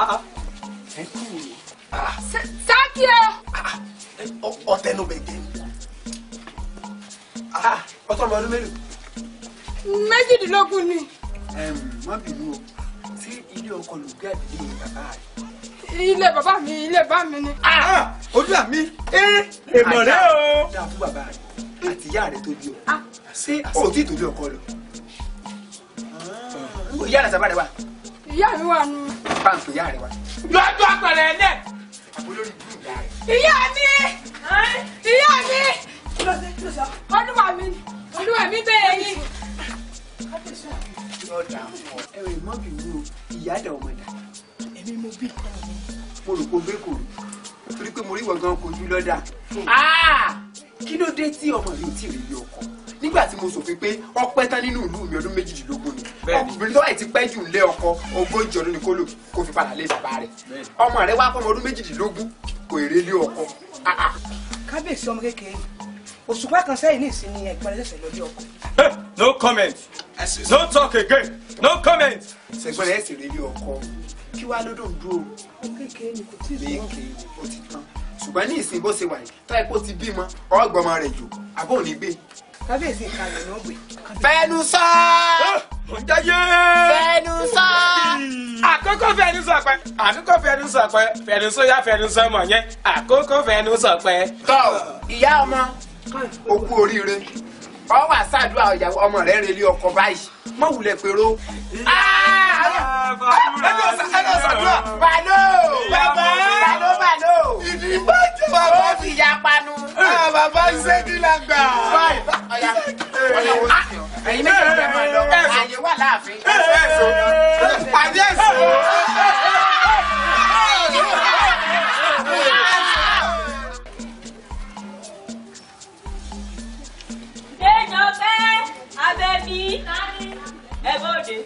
sáàkì o. ọtẹ ló bẹ jẹ. Ah, ah. ọtọ ọmọ ọdún mélòó. méjìdínlógún ni. má bínú o sí ilé ọkọ lùgbé àdìyẹ bàbá rẹ ilé bàbá mi ilé bàbá mi ni. ojú àmì èèmọ̀ rẹ o. dáa bàbá rẹ àti ìyá rẹ tó ju ọ ah. ṣé o ti tòjú ọkọ lọ ah. ìyá rẹ sábà rẹ wa. ìyá mi wà nù. pàǹpù ìyá rẹ wa. lọ́jọ́ àpẹẹrẹ ẹ̀ náà. olórí ìyá rẹ. ìyá mi ìyá mi olúwa mi olúwa mi bẹ́ẹ̀ ni. ẹ̀rọ ìmọ̀bì wo ìyá dà ọmọ dà èmi mo bí mo rò pé o bẹ́ẹ̀ kò rí torí pé mo rí ìwọ gan kojú lọ́dà. Ah! kí ló dé tí ọmọ mi ti rí ọkọ nígbà tí mo sòfin pé ọpẹ́ tán nínú ìlú mi ọdún méjìdínlógún ni ọkùnrin tó wà ti jù lé ọkọ ogójì ọdún ni kó lò kó fi padà lé bàbá rẹ̀ ọmọ rẹ̀ wá pọmọ ọdún méjìdínlógún kò èrè lé ọkọ. Ah, ah. kábíyèsí ọmọ kékeré òṣùpá kan sẹ́yìn ní ìsinmi ẹ̀gbọ́n rẹ̀ ṣẹ̀ṣẹ̀ lórí ọkọ. no comment no talk again no comment. ṣẹ̀gbọ́n rẹ̀ ṣèlérí ọkọ kí wàá lódò dúró. ọmọ kékeré ni kò tí ì ṣùgbọ́n ní ìsìn bó ṣe wà yìí táyà kó ti bímọ ọgbọmọ rẹ̀ jù àbó ò ní gbé. kábíyèsí ìkàlẹ̀ náà gbé. fẹnu sọ. Ah, mo ń jẹ́yé. fẹnu sọ. àkókò fẹnu sọ pé àkókò fẹnu sọ pé fẹnu sọ yá fẹnu yẹn àkókò fẹnu sọ pé. ìyá ọmọ òkú oríire ọ wà ṣàdúrà ọmọ rẹ̀ relé ọkọ báyìí má wulẹ̀ fèrò. ẹni ọ̀sàdúrà bàló bàbá bàló bàló ìdìbò jù bàbá ó fi ya panu. bàbá ṣẹ́gi la gbà. ẹ̀yin méjì ń bẹ̀rẹ̀ lọ àyè wà láàfin. pàdé ẹ̀sìn. Señor, ven abẹ́bí ẹ bóde.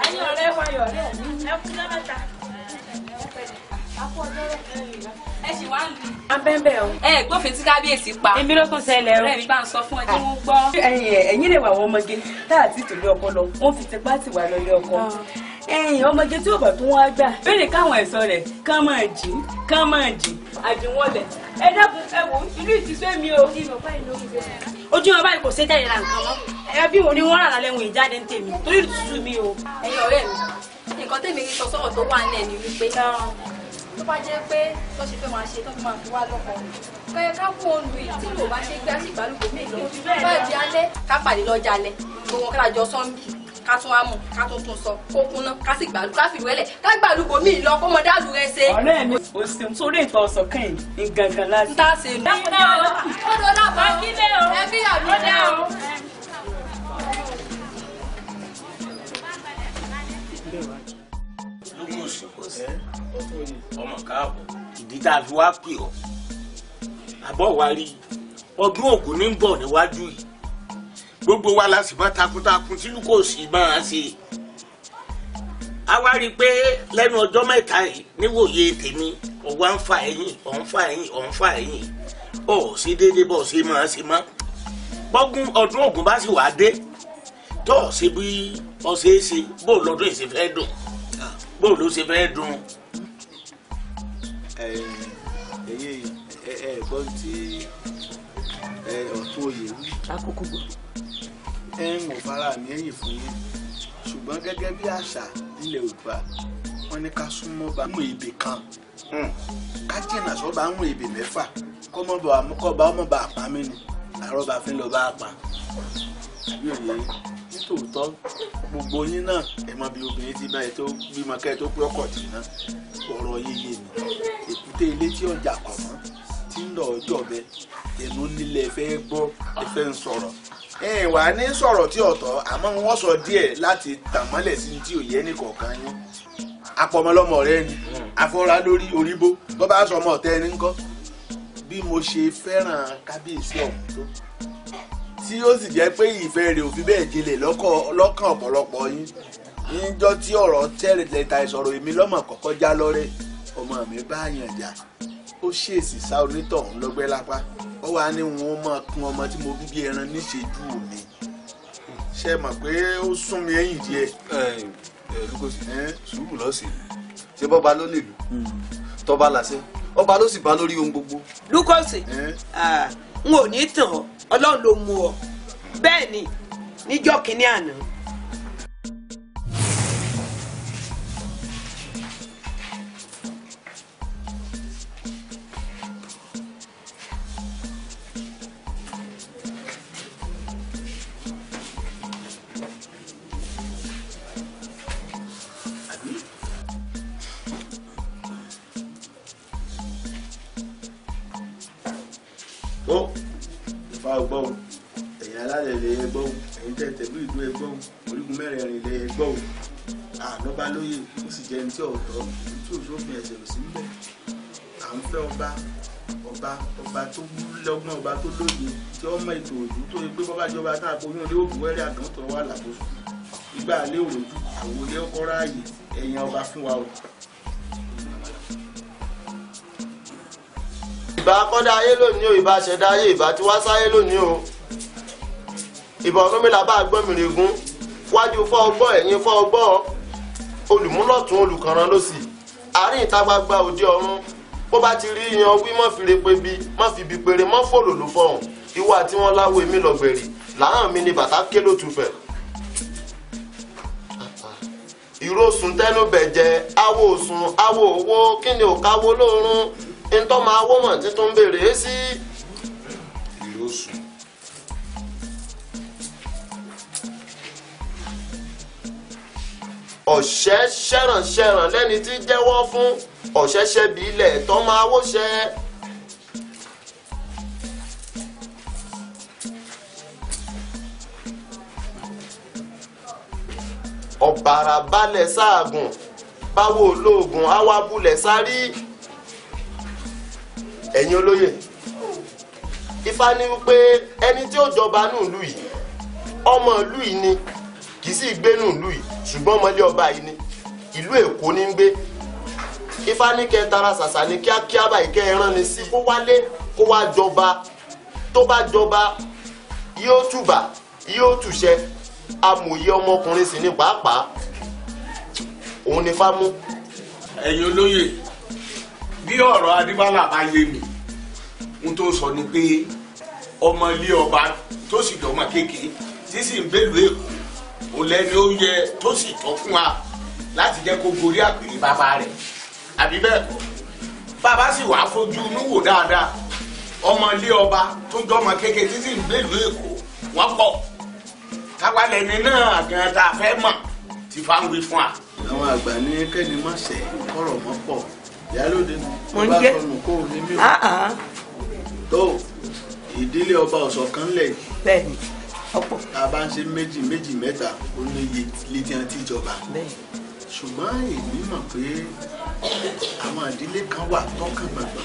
ẹ̀yin ọ̀rẹ́ wa yọ̀ ọ̀rẹ́ mi ẹ kú lọ́mẹ́ta ẹ ṣì wá ń lu. a bẹ́ẹ̀ bẹ́ẹ̀ o. ẹ gbófin tí kábíyèsí pa. èmi ló tún ṣẹlẹ̀ o. rẹ́ẹ̀mí bá ń sọ fún ẹ tí wọ́n gbọ́. ẹ̀yin lè wà wọ́n ọmọge tá àti tòlú ọkọ lọ wọ́n fi tipá tì wá lọ́lé ọkọ. Ah ẹ̀yìn ọmọge tí òbọ̀ tó wọ́n gbà béèrè káwọn ẹ̀sọ́ rẹ̀ kán máa jì kán máa jì àdìwọ́lẹ̀ ẹ dákun ẹ wò inú ìtìsọ́ mi o. ojú wọn báyìí kò ṣe jáde ra nǹkan mọ́ ẹbí wo ni wọ́n rà lálẹ́ wọn ìjáde ń tèmi torí ìtúsú mi o. ẹ̀yin ọ̀rẹ́ mi nǹkan tèmi sọ sọ̀rọ̀ tó wà nílẹ̀ ni wípé tó bá jẹ́ pé tó ṣe fẹ́ máa ṣe tó fi máa fi wá lọ́kọ̀ọ́ kẹ́yẹ ká fún òun lùyìn tí kò bá ṣe gbé àṣìgbàlùkò mélòó bá di alẹ́ ká pàdé lọ́jà alẹ́ gbogbo wọn kára jọ sọ́ńbì ká tún wá mú ká tún tún sọ kó kúnná ká sì gbàlú ká fìwélẹ̀ ká gbàlú bò mí lọ kó mọ dáàbò rẹ ṣe. ọ̀rẹ́ mi ò sì ń sórí ìtọ̀ ọ̀sán kẹ́yìn ní gangan láti. n ta ṣe ní. dákúndé o kódó lábọ̀ akíndé o ẹbí àlùdé o. lókòsì ọmọ káàbọ̀ ìdí tá a fi wá pè ọ́ àbọ̀ wa rí ọdún ògún ní ń bọ̀ níwájú yìí gbogbo wa la sì máa takuntakun tí kò sì máa ṣe a wá rí i pé lẹ́nu ọjọ́ mẹ́ta yìí níwòye tèmi ọ̀wá ń fa ẹ̀yìn ọ̀ ń fa ẹ̀yìn ọ̀ ń fa ẹ̀yìn ọ̀ sí déédéé bọ̀ ṣe máa ṣe mọ́ bọ́gún ọdún ògùn bá sì wá dé tó ọ̀ ṣe bí ọ ṣe é ṣe bó lọ́dún ìṣe fẹ́ dùn bó ló ṣe fẹ́ dùn. ẹ ẹ tí ọ̀tún òye wí. akókò gbòòrò ń ò fara mi ẹ̀yìn fún yín ṣùgbọ́n gẹ́gẹ́ bí àṣà ilẹ̀ Yorùbá wọ́n ní ká súnmọ́ bá mú ebè kan hmm. ká jìnnà sọ́ba ń mú ebè mẹ́fà kọ́mọba àmúkọ́ba ọmọba àpá mi ni àrọ́ba fi lọ bá a pa yòòyè nítòótọ́ gbogbo yín náà ẹ mọ bí obìnrin ti bá ẹ tó bímọ kẹ́ ẹ tó pé ọkọ̀ tì náà ọ̀rọ̀ yeye ni èkúté ilé tí ọjà pàmò tí ń lọ ọjọ́ bẹ ẹnu nílẹ̀ ẹ fẹ́ gbọ́ ẹ fẹ́ ń sọ̀rọ̀ ìwà ní sọ̀rọ̀ tí ọ̀tọ̀ àmọ́ wọ́n sọ díẹ̀ láti tàmọ́lẹ̀ sí tí òye ẹnì kọ̀ọ̀kan yín apọmọlọmọ rẹ ni afọra lórí oríbó tó bá sọ ọmọ ọtẹ ẹni ńkọ́ bí mo ṣe fẹ́ràn kábíyèsí ọ̀hún tó tí ó sì jẹ́ pé ìfẹ́ rẹ̀ ò fi bẹ́ẹ̀ jinlẹ̀ lọ́kàn ọ̀pọ̀lọpọ̀ yín níjọ́ tí ọ̀rọ̀ tẹ́rẹ̀lẹ́ta ìsọ̀rọ̀ èmi lọ́mọ kọ́kọ́ já lọ́rẹ́ ọmọ mi bá yàn jà ó ṣèèsì sá onítọ̀hún lọ́gbẹ́ lápá ó wàá ní wọn máa kun ọmọ tí mo bí bí ẹran níṣẹ́jú òní ṣe mọ̀ pé ó sún mi ẹ̀yìn díẹ̀. ẹ ẹ lukosi sùúrù lọ́sì ṣé bọ́ba ló lè lù hmm. tọ́ba làṣẹ ọba ló sì bá lórí ohun gbogbo. lukosi n ò ní tàn ọ ọlọ́run ló mú ọ bẹ́ẹ̀ ni níjọ́ kínní àná àfa gbọ́hùn ẹ̀yin alálẹ̀ lè yẹ gbọ́hùn tẹ̀tẹ̀ bí ìlú ẹ gbọ́hùn orígun mẹ́rẹ̀ẹ̀rin lè yẹ gbọ́hùn àlọ́ba lóye ó sì jẹ́ ẹni tí ọ̀dọ́ tí òṣòfin ẹ̀sẹ̀ ò sí níbẹ̀ à ń fẹ́ ọba ọba ọba tó lọ́gbọ́n ọba tó lóye tí ó mọ ètò òjú tó yẹ pé bọ́bá jọba tá a kó yún olówó buwẹ́rẹ́ àtúntò wà lákòóso ìgbà alẹ́ òròjú àwọn olè ráàyè ẹ̀yin ọba fún wa o. ìbá kọ́dá ayé lónìí o ìbá ṣẹ̀dá ayé ìbá tí wá sáyé lónìí o ìbọn gómìnà bá gbọ́n mi règún wájú fọ́ ọgbọ́ ẹ̀yìn fọ́ ọgbọ́ olùmúlọ̀tún olùkànràn ló sì àárín ìta gbagba òde ọ̀run bó bá ti rí yan wí mọ́ fi repe bi mọ́ fi bi pere mọ́ fòlò ló fọ̀hún ìwà tí wọ́n láwo èmi lọ́gbẹ̀rì làhán mi ni bàtà ké ló tufẹ̀. ìró tẹnu bẹ̀ awo sùn awo owó kí ni ò káwó lóorun ntọ́ máa wọ́ mọ̀ títún béèrè é sí. yóò sùn. ọ̀ṣẹ́ ṣẹ̀rànṣẹ̀ràn lẹ́ni tí jẹ́wọ́ fún ọ̀ṣẹ́ṣẹ́ bí ilẹ̀ tọ́ máa wọ́ṣẹ́. ọ̀bàrà balẹ̀ sáàgùn báwo olóògùn awábulẹ̀ sárí ẹ̀yin olóyè ifá ní wípé ẹni tí ó jọba nù ìlú yìí ọmọ ìlú yìí ni kì í sì gbé nù ìlú yìí ṣùgbọ́n ọmọlé ọba yìí ni ìlú èkó ní ń gbé ifá ní kẹ tara ṣàṣà ní kíákíá báyìí kẹ ẹran ni sí kó wálé kó wá jọba tó bá jọba yóò tùbà yóò tùṣẹ amòye ọmọkùnrin sì ni pàápàá òun ni fámú. ẹ̀yin olóyè bí ọ̀rọ̀ adébálà bá yé mi n tó sọ ni pé ọmọ ilé ọba tó sì dọ́mọ kékeré tí sì ń bèlú èkó ò lẹ́ni ó yẹ tó sì tọ́ fún wa láti jẹ́ kó gorí àpèrè bàbá rẹ̀ àbí bẹ́ẹ̀ kọ́ bàbá sì wàá fojú inú wò dáadáa ọmọ ilé ọba tó dọ́mọ kékeré tí sì ń bèlú èkó wọ́n pọ̀ kápálẹ̀ náà gan-an tá a fẹ́ mọ̀ ti fa ń wí fún wa. àwọn àgbà ní kẹ́ni má ṣe kọ́rọ̀ mọ́ pọ̀ ìyálóde mo ń jẹ́ kó o ní mí o ah, ah. tó ìdílé ọba ọ̀sọ̀ kan lẹ̀ bẹ́ẹ̀ni ọ̀pọ̀ tá a bá ń ṣe méjì méjì mẹ́ta ó ní iye létíán tí ìjọba ṣùgbọ́n èmi mọ̀ pé àwọn ìdílé kan wà tọ́kàn gbàgbọ́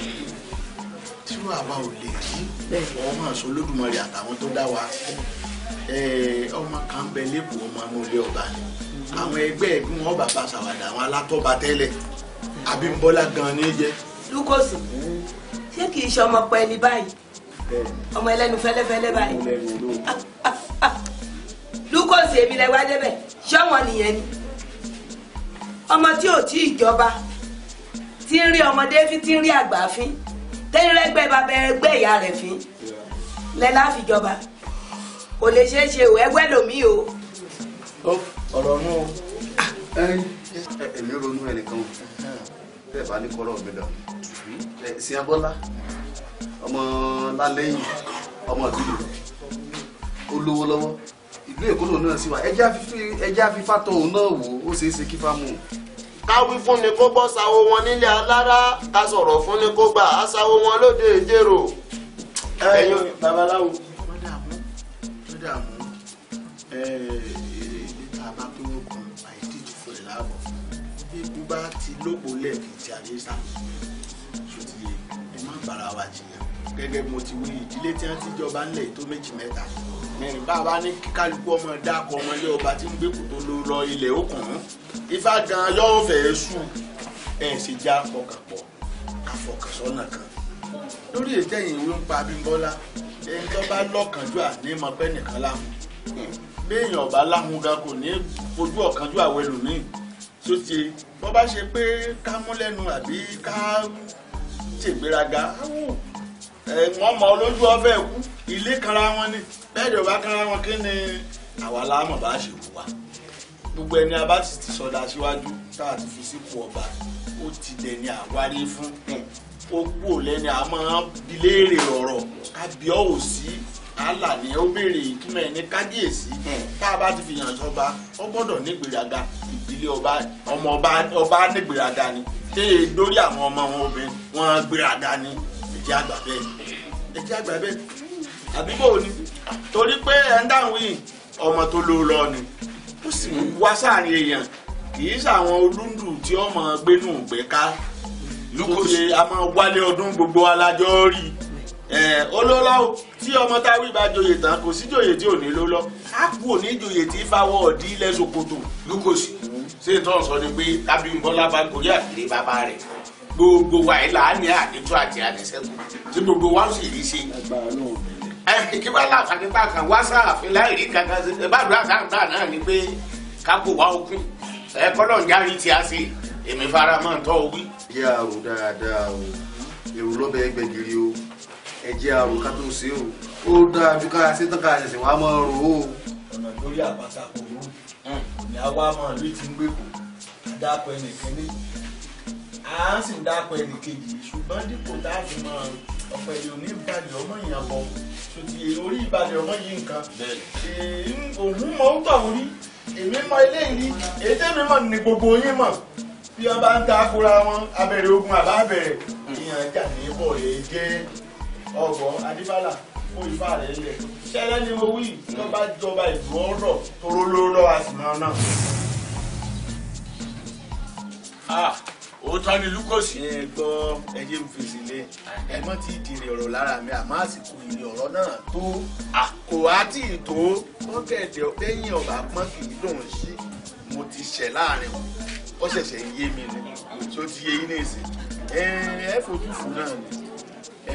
tí àwa ò lè rí ọmọ àṣọ Olódùmarè àtàwọn tó dá wa ọmọ kan ń bẹ lẹ́kọ̀ọ́ ọmọ amúlé ọba ni mm-hmm. àwọn ẹgbẹ́ ẹbí wọn bàbá àwọn alátọ́ba tẹ́lẹ̀ àbí bọ́lá gan-an ní jẹ́. lukosu ṣé kì í ṣe ọmọ pẹ́ẹ́lí báyìí ọmọ ẹlẹ́nu fẹ́lẹ́fẹ́lẹ́ báyìí lukosu èmi lẹ wá débẹ̀ ṣé nìyẹn ni ọmọ tí ò tí ìjọba tí ń rí ọmọdé fi. tí ń rí àgbà fín tẹ́lẹ̀rẹ́gbẹ́ bàbá ẹgbẹ́ ìyá rẹ̀ fín lẹ́la fìjọba kò lè ṣeé ṣe o ẹgbẹ́ lomi o. ọ̀rọ̀ nù o. ẹ̀mí ronú ẹnìkan bẹ́ẹ̀ bá ní kọ́rọ̀ mi lọ ẹ̀sìn abọ́lá ọmọ lálẹ́yìn ọmọ ìdílé olówó lọ́wọ́ ìlú èkó lòun náà sì wà ẹjẹ́ afífá tó òun náà wò ó ṣeé ṣe kí fá mú un. ká wí fún ni kó gbọ́ sáwó wọn nílé alára ká sọ̀rọ̀ fún ni kó gbà á sáwó wọn lóde ìjérò. ẹyin babaláwo mọ́dàmú mọ́dàmú èdè tá a bá tó wọ́n kọ́ àìdíje fún ẹ̀ láàbọ̀ bí ikú bá ṣe àníṣà ṣòtìyẹ ẹ má bára wa jiyàn gẹ́gẹ́ mo ti wí ìdílé tí wọ́n ti jọba ńlẹ̀ tó méjì mẹ́ta mẹ́rin bàbá ní kíkálukú ọmọ dákọ ọmọ ọba tí ń gbé kòtò ló lọ ilẹ̀ òkun ifá gan yóò fẹ́ sùn ẹ̀ sì já fọkànpọ̀ àfọkànsọ́nà kan lórí ìtẹ̀yìn ìwé ń pa Abímbọ́lá ẹni tó bá lọ́kànjú àní mọ pẹ́ nìkan láwọn béèyàn ọ̀bá láwọn gan kò ní fojú ọ̀kánjú àwẹ̀lòmíì sóti bó bá ṣe pé ká mú lẹ́nu àbí ká ṣègbéraga wọ́n mọ olójú ọbẹ̀ kú ilé kanra wọn ni bẹ́ẹ̀ ni ò bá kanra wọn kí ni àwa láàmọ̀ bá ṣe wù wá gbogbo ẹni abá sì ti sọdá síwájú tá a ti fi sípò ọba ó ti dẹni àwárí fún ó kú ò lẹ́ni àmọ́ díléèrè ọ̀rọ̀ kábíọ́ ò sí àlà ni ó béèrè ìtumọ̀ ẹni kábíyèsí hmm. tá a bá ti fi yàn sọba ó gbọ́dọ̀ nígbèraga ìdílé ọba ọmọ ọba nígbèraga ni ṣé lórí àwọn ọmọ wọn obìnrin wọn gbèraga ni ẹjẹ àgbà bẹ́ẹ̀ ẹjẹ àgbà bẹ́ẹ̀ àbí bò ni torí pé ẹ ń dáhùn yìí ọmọ tó ló lọ ni ó sì wá sáàrin èèyàn kì í ṣàwọn olúndù tí ọmọ gbénú gbẹ̀ká lókòṣe a máa wálé ọdún gbogbo alájọ́ rí i olólọ́wọ́ tí ọmọ táwí bá joyè tán kò sí joyè tí ò ní ló lọ á kú òní joyè tí fáwọ́ ọ̀dí ilẹ̀ Sokoto lukosi ṣé ìtọ́ sọ ni pé Abímbọ́lá bá gorí àkèrè bàbá rẹ̀ gbogbo wa yìí là á ní àdétú àti àdésẹ́kù tí gbogbo wa sì rí ṣe kí bá láǹfààní bá kan wá sáàfin láìrí kankan sí ẹ bá dùn àkàǹtà náà ni pé kápò wa ó kún ẹ kọ́lọ̀ ń yára ti a ṣe èmi fara mọ́ ń tọ́ wí. ìyá o dáadáa o èrò lọ́bẹ̀ o ẹ̀jẹ̀ àrùn ká tó ṣe o ó dára ju ká ṣe tán ká ṣẹ̀ṣẹ̀ wá mọ́ ọrùn o. ọ̀nà lórí àpáta kò rú ni àwa máa lóye ti ń gbé kò dápọ̀ ẹnìkan ní à ń sì dápọ̀ ẹnìkejì ṣùgbọ́n dípò dáàbò máa ọ̀pọ̀ èyí ò ní ìbàdàn ọmọ ìyàn bọ̀ ṣòtì orí ìbàdàn ọmọ yìí nǹkan òun mọ ó tọ̀ orí èmi mọ eléyìí èyí tẹ́mi mọ̀ ní gbogbo yín mọ̀ bí wọ́n ń ta kóra wọn abẹ́rẹ́ ogun àbá abẹ́rẹ́ hmm. ìyàn ní bọ̀ èyí jẹ́ ọ̀gbọ́n adébálà kó ifá rẹ̀ lẹ̀ ṣẹlẹ̀ ni mo wí tó bá jọba ìlú ọ̀rọ̀ toró ló rọ̀ àsìmọ́ náà. ah òótọ́ ni lukosi. ẹ gbọ́ ẹyẹ mi fèsì lé ẹ mọ́ ti dìrì ọ̀rọ̀ lára mi àmọ́ àsìkò ìrì ọ̀rọ̀ náà tó kò á tì í tó wọ́n kẹ̀dẹ̀ lẹ́yìn ọ̀bà pọ́n kì í dùn sí mo ti ṣẹ̀ láàrin o ó ṣẹ̀ṣẹ̀ ń yé mi ni tí ó ti yé yín ní ìsìn ẹ náà ni ẹ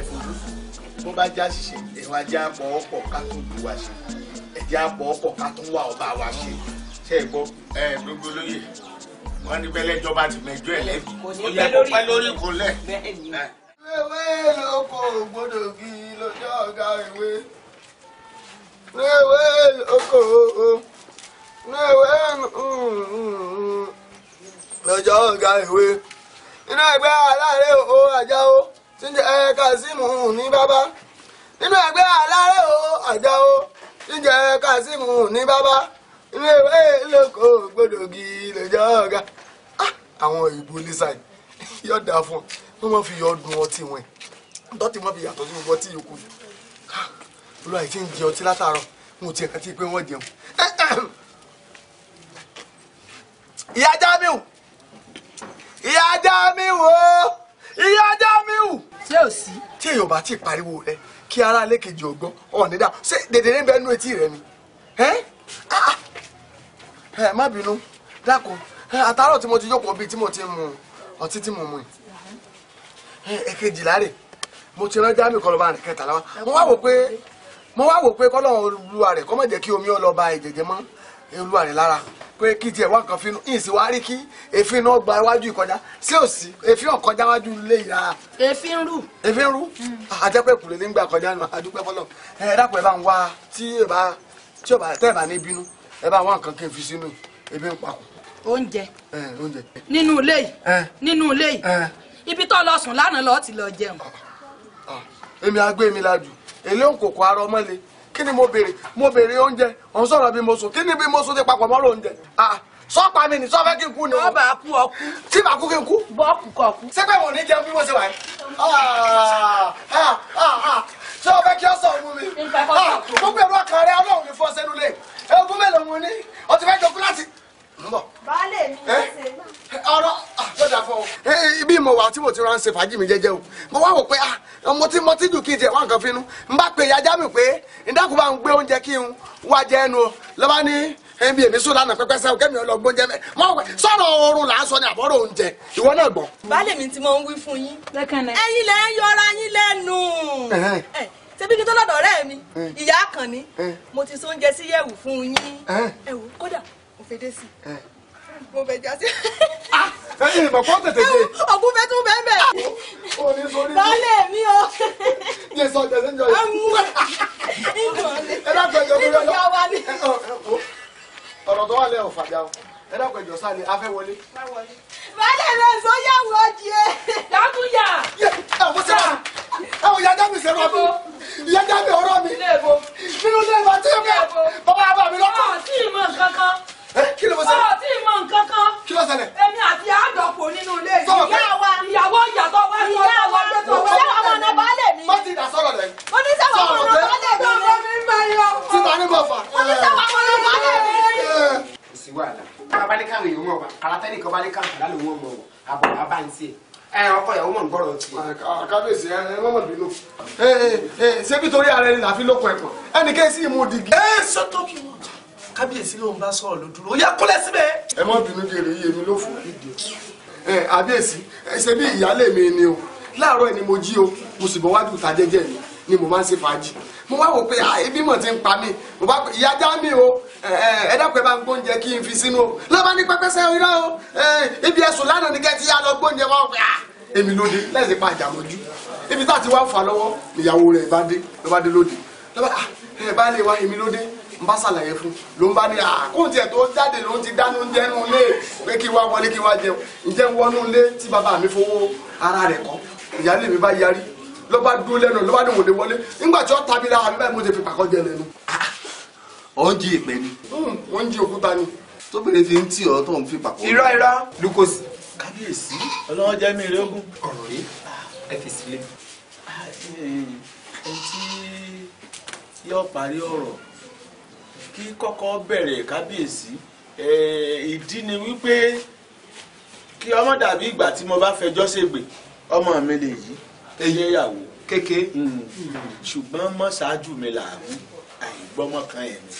tó bá já ṣiṣẹ́ ẹ̀wọ̀n ajá pọ̀ ọ̀pọ̀ ká tó lù wá ṣe ẹ̀jẹ̀ pọ̀ ọ̀pọ̀ ká tó wà ọba wa ṣe ṣe é gbọ́ ẹ gbogbo lóye wọn ní bẹ́lẹ́ ìjọba ti mẹjọ ẹ̀ lẹ́bi ó yẹ kó pẹ́ lórí ìkólẹ̀. wéwé lóko gbọ́dọ̀ kí lójó ọ̀gá ìwé wéwé lóko wéwé lójó ọ̀gá ìwé iná ẹgbẹ́ aláàárẹ̀ o àjáwó tí ń jẹ́ eh, ẹ kazeem ní bàbá nínú ẹgbẹ́ alárẹ̀ o àjà o tí ń jẹ́ kazeem ní bàbá ilé ìwé ìlòkò gbòdògì lòjọ́ ọ̀gá àwọn ìbò lẹ́sàáyì yóò dáa fún ọ wọ́n fi yọ ọdún ọtí wọn dọ́tí wọ́n fi yàtọ̀ sí gbogbo ọtí yòókù ah, olú àìsí ń jẹ ọtí látàárọ̀ mo tiẹ̀ kàtí pé wọ́n jẹun. ìyá Jamiu ìyá Jamiu ìyá Jamiu ṣé ò sí. tí èèyàn bá ti pariwo rẹ kí ara lẹ́kejì ọgbọ́n ọ̀nì dá ṣé dèdèrè ń bẹ nú etí rẹ ni ah, ah. ẹ má bínú dákun àtàárọ̀ tí mo ti jókòó bíi tí mo ti mu ọtí tí mo mu yìí èkejì láre mo ti rán jáàmì kọlọba rìn kẹtàlá wa mo wá wò pé mo wá wò pé kọlọ́run olúwa rẹ̀ kó má jẹ́ kí omi ó lọ ba ẹ̀jẹ̀jẹ̀ mọ́ olúwa rẹ̀ lára pé kí tiẹ̀ wá nǹkan fínú ìsìn wá rí kí èéfín náà gba iwájú ìkọjá sí òsì èéfín ọ̀kọjá wájú ilé ìyá. èéfín rú. èéfín rú hmm. àjẹpẹ́ kùlé nígbà kọjá nù àdúpẹ́ fọlọ́ ẹ dápẹ́ ẹ bá ń wá tí ẹ bá tí ẹ bá tẹ́ ẹ bá ní bínú ẹ bá wá nǹkan kí n fi sínú ebi ń pakùn. oúnjẹ nínú ilé yìí nínú ilé yìí ibi tó lọ sùn lánàá lọ ti lọ jẹun kí ni mo béèrè mo béèrè oúnjẹ òun sọ̀rọ̀ bí mo sùn kí ni bí mo sùn ti papọ̀ mọ́rọ̀ oúnjẹ sọ́pàá mi ni sọ́fẹ́ kí n kú ni. wọ́n bá kú ọ kú. tí màá kú kí n kú. bọ́ọ̀kù kọ̀ kú. ṣé pé wọn ò ní jẹun bí mo ṣe wà yìí. ṣé o fẹ́ kí ọ sọ ohun mi. gbogbo ẹ̀rọ kan rẹ ọlọ́run ní fọ́ sẹ́nu lé. egun mélòó mo ní o ti fẹ́ jogún láti ọ̀rọ̀ ah, ọ. bí mo wà tí mo ti rán ṣe fàájì mi o mo wá wò pé ọmọ ah, tí mo ti jù kí n tiẹ̀ wá nǹkan fínú n bá pe yájá mi pé ìdákùn bá ń gbé oúnjẹ kí n wá jẹ ẹnu o lọ́ba ní sùn lánàá pẹpẹ mẹ, oorun là ń sọ oúnjẹ ìwọ náà baálé mi ti mọ wí fún yín lẹ ń yọra yín kí mi ìyá kan ni mo ti so oúnjẹ fèdè sí eh. mo bẹ já sí. Ah, ẹyin ìmọ̀ kọ́ tètè dé. ọ̀gbun fẹ́ tún bẹ́ẹ̀ bẹ́ẹ̀. o ní sori. lọ́lẹ̀ mi o. yẹ sọ jẹ sẹ́ńjọ yẹ. ẹ dákun ẹjọ lórí ọjọ ọ̀rọ̀ tó wà lẹ́ òfàjà o ẹ dákun ẹjọ sáà ni a fẹ́ wọlé. bálẹ̀ rẹ̀ sọ yàwó ọjì ẹ. dákúnyà. àwọn sẹ́wà àwọn ìyá dábì sẹ́wà mi ìyá dábì ọ̀rọ̀ mi nínú ilé ìwà tí ó bẹ̀ bàbá bàbá mi lọ́kọ̀. ọ̀ ah, sí ìmọ̀ kankan kí ló ṣẹlẹ̀. ó ti mọ nǹkan kan. kí ló ṣẹlẹ̀. èmi àti àádọ́pọ̀ nínú ilé yìí. ìyá wa ìyàwó ìyàtọ̀ wa ni ìyá wa ìyá wa ọmọ náà baálé mi. má ti dà sọ̀rọ̀ rẹ̀. oníṣẹ́wọ̀ ọmọ náà baálé mi. ọmọ mi ń bẹ yọ. títa ní bọ̀fà. oníṣẹ́wọ̀ ọmọ náà baálé mi. kò sí wàhálà. bára bá ní káwọn èèyàn mọ̀ wá ara tẹ́lẹ̀ kan bá ní káwọn kàlá lòun mọ̀ wọ̀ àbọ̀ wá bá ń tiẹ̀ ọkọ ìyàwó mọ̀ ń gbọ́rọ̀ ti. àkàbèsè ẹ wọ́n mọ̀ bínú. ṣé bí torí ara ẹni làá fi lókun ẹ̀kọ́ ẹnì kẹ́sì mú digi. ẹ sọ́tọ́ kí wọ́n kábíyèsí lòun bá sọ̀rọ̀ ló dúró ó yá kúlẹ̀ síbẹ̀. ẹ má bínú jèrè iye mi ló fún ẹ àbíyèsí ṣe bí ìyáálé mi ni o láàárọ̀ ẹ̀ mo jí o mo sì bọ́ wájú ta jẹ́jẹ́ mi ni mo máa ń ṣe fàájì mo wá wò pé ebi mọ̀ ti ń pa mí mo bá ìyá já mi o ẹ dákun ẹ bá ń gbóúnjẹ kí n fi sínú o lọ́ba ní pẹ́pẹ́sẹ́ irọ́ o ibi ẹ̀sùn lánàá ni kẹ́ ti yá lọ gbóúnjẹ wọn pé èmi lóde lẹ́sìn pa àjàmọ́jú ibi tá a ti wá fà lọ́wọ́ ìyàwó rẹ̀ bá dé dé lóde lọ́ba ẹ bá lè wá èmi lóde n bá ṣàlàyé fún ló ń bá ní àkóńtì ẹ̀ tó jáde ló ń ti dáná oúnjẹ nù lé pé kí wá wọlé kí wá jẹun ǹjẹ́ wọnú lé tí bàbá mi fowó ara rẹ̀ kọ́ ìyáálé mi bá yarí ló bá dúró lẹ́nu ló bá ní wòlé wọlé nígbà tí ó tabi lára mi báyìí mo ti fi pàkọ́ jẹ lẹ́nu. ọ̀ ń jí ìpè ni. ó ń jí òkúta ni. tó bèrè fi ń tì ọ́ tó ń fi pàkọ́. irọ́ irọ́ lukosi. kábíyèsí ọlọ́wọ́ jẹ́ mi ìrẹ́gùn. ọ̀rọ̀ rí ẹ fi sílẹ̀. ẹni tí yóò parí ọ̀rọ̀ kí kọ́kọ́ bẹ̀rẹ̀ kábíyèsí ìdí ni wípé kí ọmọ dàbí ìgbà tí mo bá fẹjọ́ ṣègbè ọmọ mi lè yí ẹyẹ ìyàwó kéke hmm. ṣùgbọ́n mọ́ ṣáájú mi làwọn àìgbọ́mọ kan ẹ̀ mi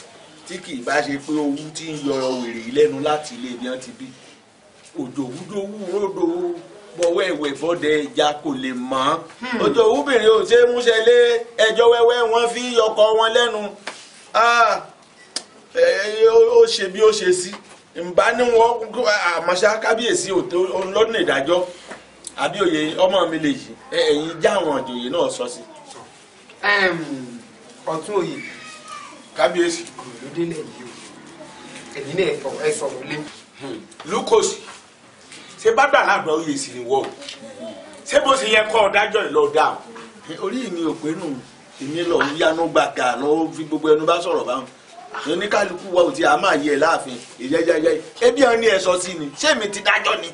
tí kì í bá ṣe pé owó tí ń yọ wèrè lẹ́nu láti ilé ibi wọn ti bí òjò wúdówú ròdò bọ̀wọ́ ẹ̀wẹ̀ bọ́dẹ̀ ẹja kò lè mọ́ hmm. òjò wúbèrè ò ṣe é múṣẹ́ lé ẹjọ́ wẹ́wẹ́ wọn fi yọkọ wọn lẹ́nu. Ah! ó ṣe bí ó ṣe sí ǹbá ní wọn àmọ́ṣá kábíyèsí lọ́dún ìdájọ́ àbíòye ọmọ mi lè yí ẹ̀yin já àwọn àjòyè náà sọ sí. ọ̀tún òye kábíyèsí olóde lè yí o ẹ̀yin náà ẹ̀fọ́ ẹ sọ̀rọ̀ lé. Hmm. lukosi ṣé bá gbà láàgbà oyè sí ni wọ́ọ̀ ṣé bó ṣe yẹ kọ́ ọ dájọ́ ìlọ́ọ̀dà o. orí mi ò pé nù èmi lọ ń gbàgà lọ́wọ́ fi gbogbo ẹnu bá sọ̀rọ̀ báwọn oníkálukú wa ò ti àmọ́ àyè ẹ̀ láàfin ìyẹ́yẹ́yẹ́ ebi hàn ní ẹ̀sọ́ sí ni ṣé èmi ti dájọ́ ni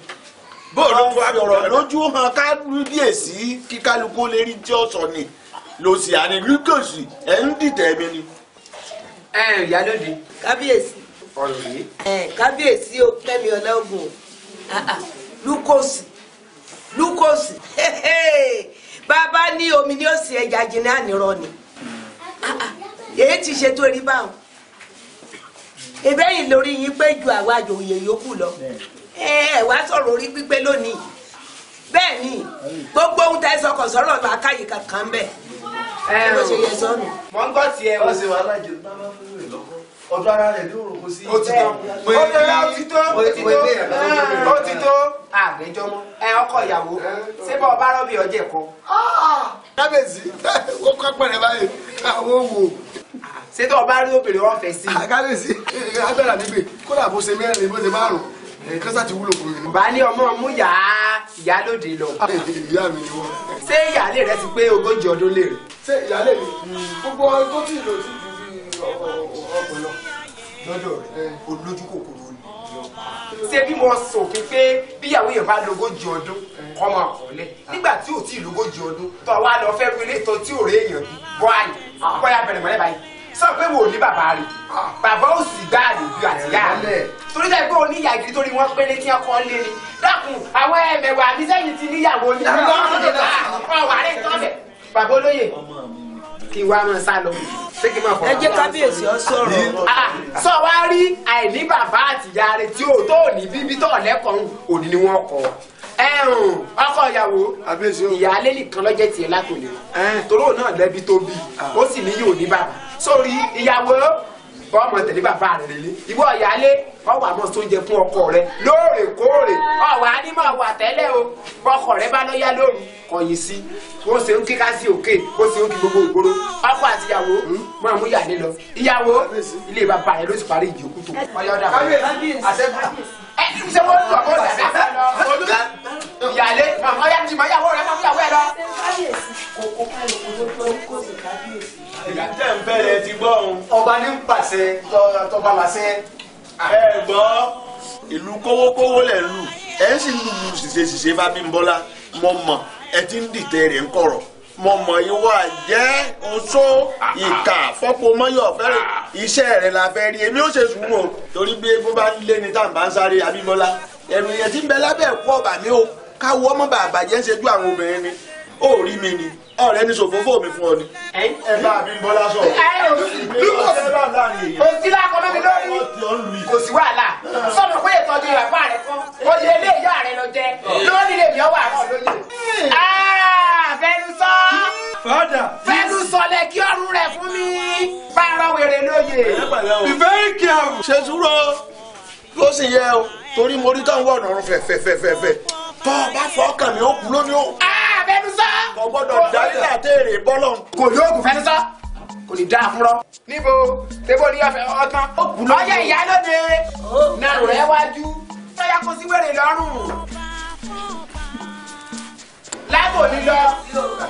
bóòlù tó a sọ̀rọ̀ lójú hàn ká lùdíè sí kí kálukú lè rí tí ó sọ ni lòsì àní lùkòsì ẹ̀ ń dìtẹ̀ mi ni. ẹ ẹ ìyálóde. kábíyèsí. ọ̀rẹ́. ẹ kábíyèsí o kẹ́mi ọlọ́gùn lùkòsì lùkòsì bàbá ní omi ní òsì ẹja jìnnà nírọ ni ah, ah. èyí ti ṣe tó rí báwọn ìbẹ́yìn lórí yín pé ju àwa àjòyè yòókù lọ ẹ wá sọ̀rọ̀ orí pípé lónìí bẹ́ẹ̀ ni gbogbo ohun tá ẹ sọ kò sọ̀rọ̀ làákàyè kankan bẹ́ẹ̀ ẹ bó ṣe yẹ sọnù. mọ́ńgọ́tì ẹ wọ́n ṣe wàhálà jù ọ̀dọ̀ ara rẹ̀ ló rò kó sí. ó ti tó ó ti tó ó ti tó ó ti tó ó ti tó. àgbẹjọ mọ ẹ ọkọ ìyàwó ṣé bọ ọba rọbì ọjẹ kọ. kábíyèsí ó kọ́ pẹ̀lẹ́ báyìí káwọ́ wò. ṣé tó ọba rí obìnrin wọn fẹ́ sí. Ah, kábíyèsí agbára níbẹ̀ kódà bó ṣe mẹ́rin bó ṣe márùn-ún eh, kọ́sá ti wúlò fún mi. bá ní ọmọ mú yá ìyá lóde lọ. Ah, ìyá mi ni wọn. ṣé ìyáálé rẹ ti pé ogójì ọdún lè rè. ṣé ìyáálé mi gbogbo ọdún tó ti ọpọlọ lọ́dọ̀ rẹ̀ olójú kòkòrò ni. ṣé bí mo sọ òfin pé bíyàwó yẹn bá lógójì ọdún kọ́ máa kọ́ lẹ̀ nígbà tí ò tí ì lógójì ọdún tó wá lọ fẹ́ ru ilé ìtọ́ tí ò rí èèyàn bí bọ́ọ̀lì àkọ́kọ́ yà bẹ̀rẹ̀ mọ́lẹ̀ báyìí sọ pé wò ní bàbá rẹ̀ bàbá ò sì gbá àlejò àtìyá rẹ̀ torí dẹ́ pé o ní ìyá ìdí torí wọ́n pé létí ọkọ lé ni dákun àwọn ẹ̀mẹ̀wà àbísẹ́yìn ti níyàwó yìí. bàbá olóyè kí wàá máa sá lọ ṣé kí n máa fọ. ẹ jẹ́ kábíyèsí ọ sọ̀rọ̀. Ah, ah. sọ wá rí àìní bàbá àtìyá rẹ tí ò tó ní bíbí tó lẹ́kọ̀ọ́ òní ni wọ́n kọ́ ẹrùn ọkọ ìyàwó ìyáálé nìkan lọ́jẹ́ tiẹ̀ lákòlè toró náà lẹ́bi tó bí ah. ó sì níyì òní bàbá sórí ìyàwó ọmọ tẹ̀lé bàbá rẹ̀ lélẹ̀ ìwọ ìyálé ọwọ́ àmọ́ sóúnjẹ fún ọkọ rẹ lóòrèkóòrè ọwọ́ ànímọ̀ wà tẹ́lẹ̀ o ọkọ rẹ bá lọ́yà lóru kọ̀yìn sí ó ṣe ń kíká sí òkè ó ṣe ń kí gbogbo ìgboro ọkọ àti ìyàwó hmm? máa mú ìyálé lọ ìyàwó ilé bàbá rẹ ló sì parí ìjókòó tó ọyọ́dà ṣe wọ́n lọ bọ́ọ̀lù àbẹ́ lọ ìyàlẹ́ màmá yá ìgbà tẹ̀ ń bẹ̀rẹ̀ ti gbọ́ òun. ọba ní pàṣẹ tọba làṣẹ. ẹ gbọ́ ìlú kówókówó lẹ̀ lù ẹ̀ ń sì lù lù ṣìṣe ṣìṣe Fábímbọ́lá mo mọ̀ ẹ ti ń dìtẹ̀ rẹ̀ ń kọ̀rọ̀ mo mọ̀ ìwọ àjẹ́ oṣó ìkà fọ́pomọ́yọ̀ fẹ́rẹ̀ iṣẹ́ rẹ̀ la fẹ́ rí èmi ó ṣe sùúrù torí bí egun bá lé ní tá ń sáré Abímbọ́lá ẹ̀rù yẹn ti ń bẹ lábẹ́ ẹ̀kú ọ̀bà mi o káwọ́ ọmọ bàbá jẹ́ ń ṣe ju àwọn obìnrin ni ó rí mi ni ọ̀rẹ́ ní sòfófó mi fún ọ ni. ẹ bá mi bọ́lá sọ. ẹ ò sí lúkọ̀sì kò sí lákọ̀ọ́ mi lórí kò sí wàhálà sọ́nà pé ìtọ́jú bàbá rẹ̀ kan ó lè lé ìyá rẹ̀ lọ jẹ lórí lè mi ọwọ́ àrùn lóye. fẹ́nusọ ah, fẹ́nusọ lẹ kí ọrùn rẹ̀ fún mi bá arọ wèrè lóye. be very careful. ṣe sùúrù ó sì yẹ o torí mo rí táwọn wọ̀nà ọ̀run fẹ̀fẹ̀fẹ̀fẹ̀ tọ́ ọ bá fọ́ ọkàn mi ó kú lónìí o. àfẹnusọ. kò gbọ́dọ̀ dájà téèrè bọ́lọ̀. kò yóò kù fẹnusọ kò lè dáa fúnrọ. níbo tebo ní ọfẹ ọtán. ó kú lónìí. ọyẹ ìyálóde náà rẹ wájú. sọyà kò sí wèrè lọ́rùn. lábò lílọ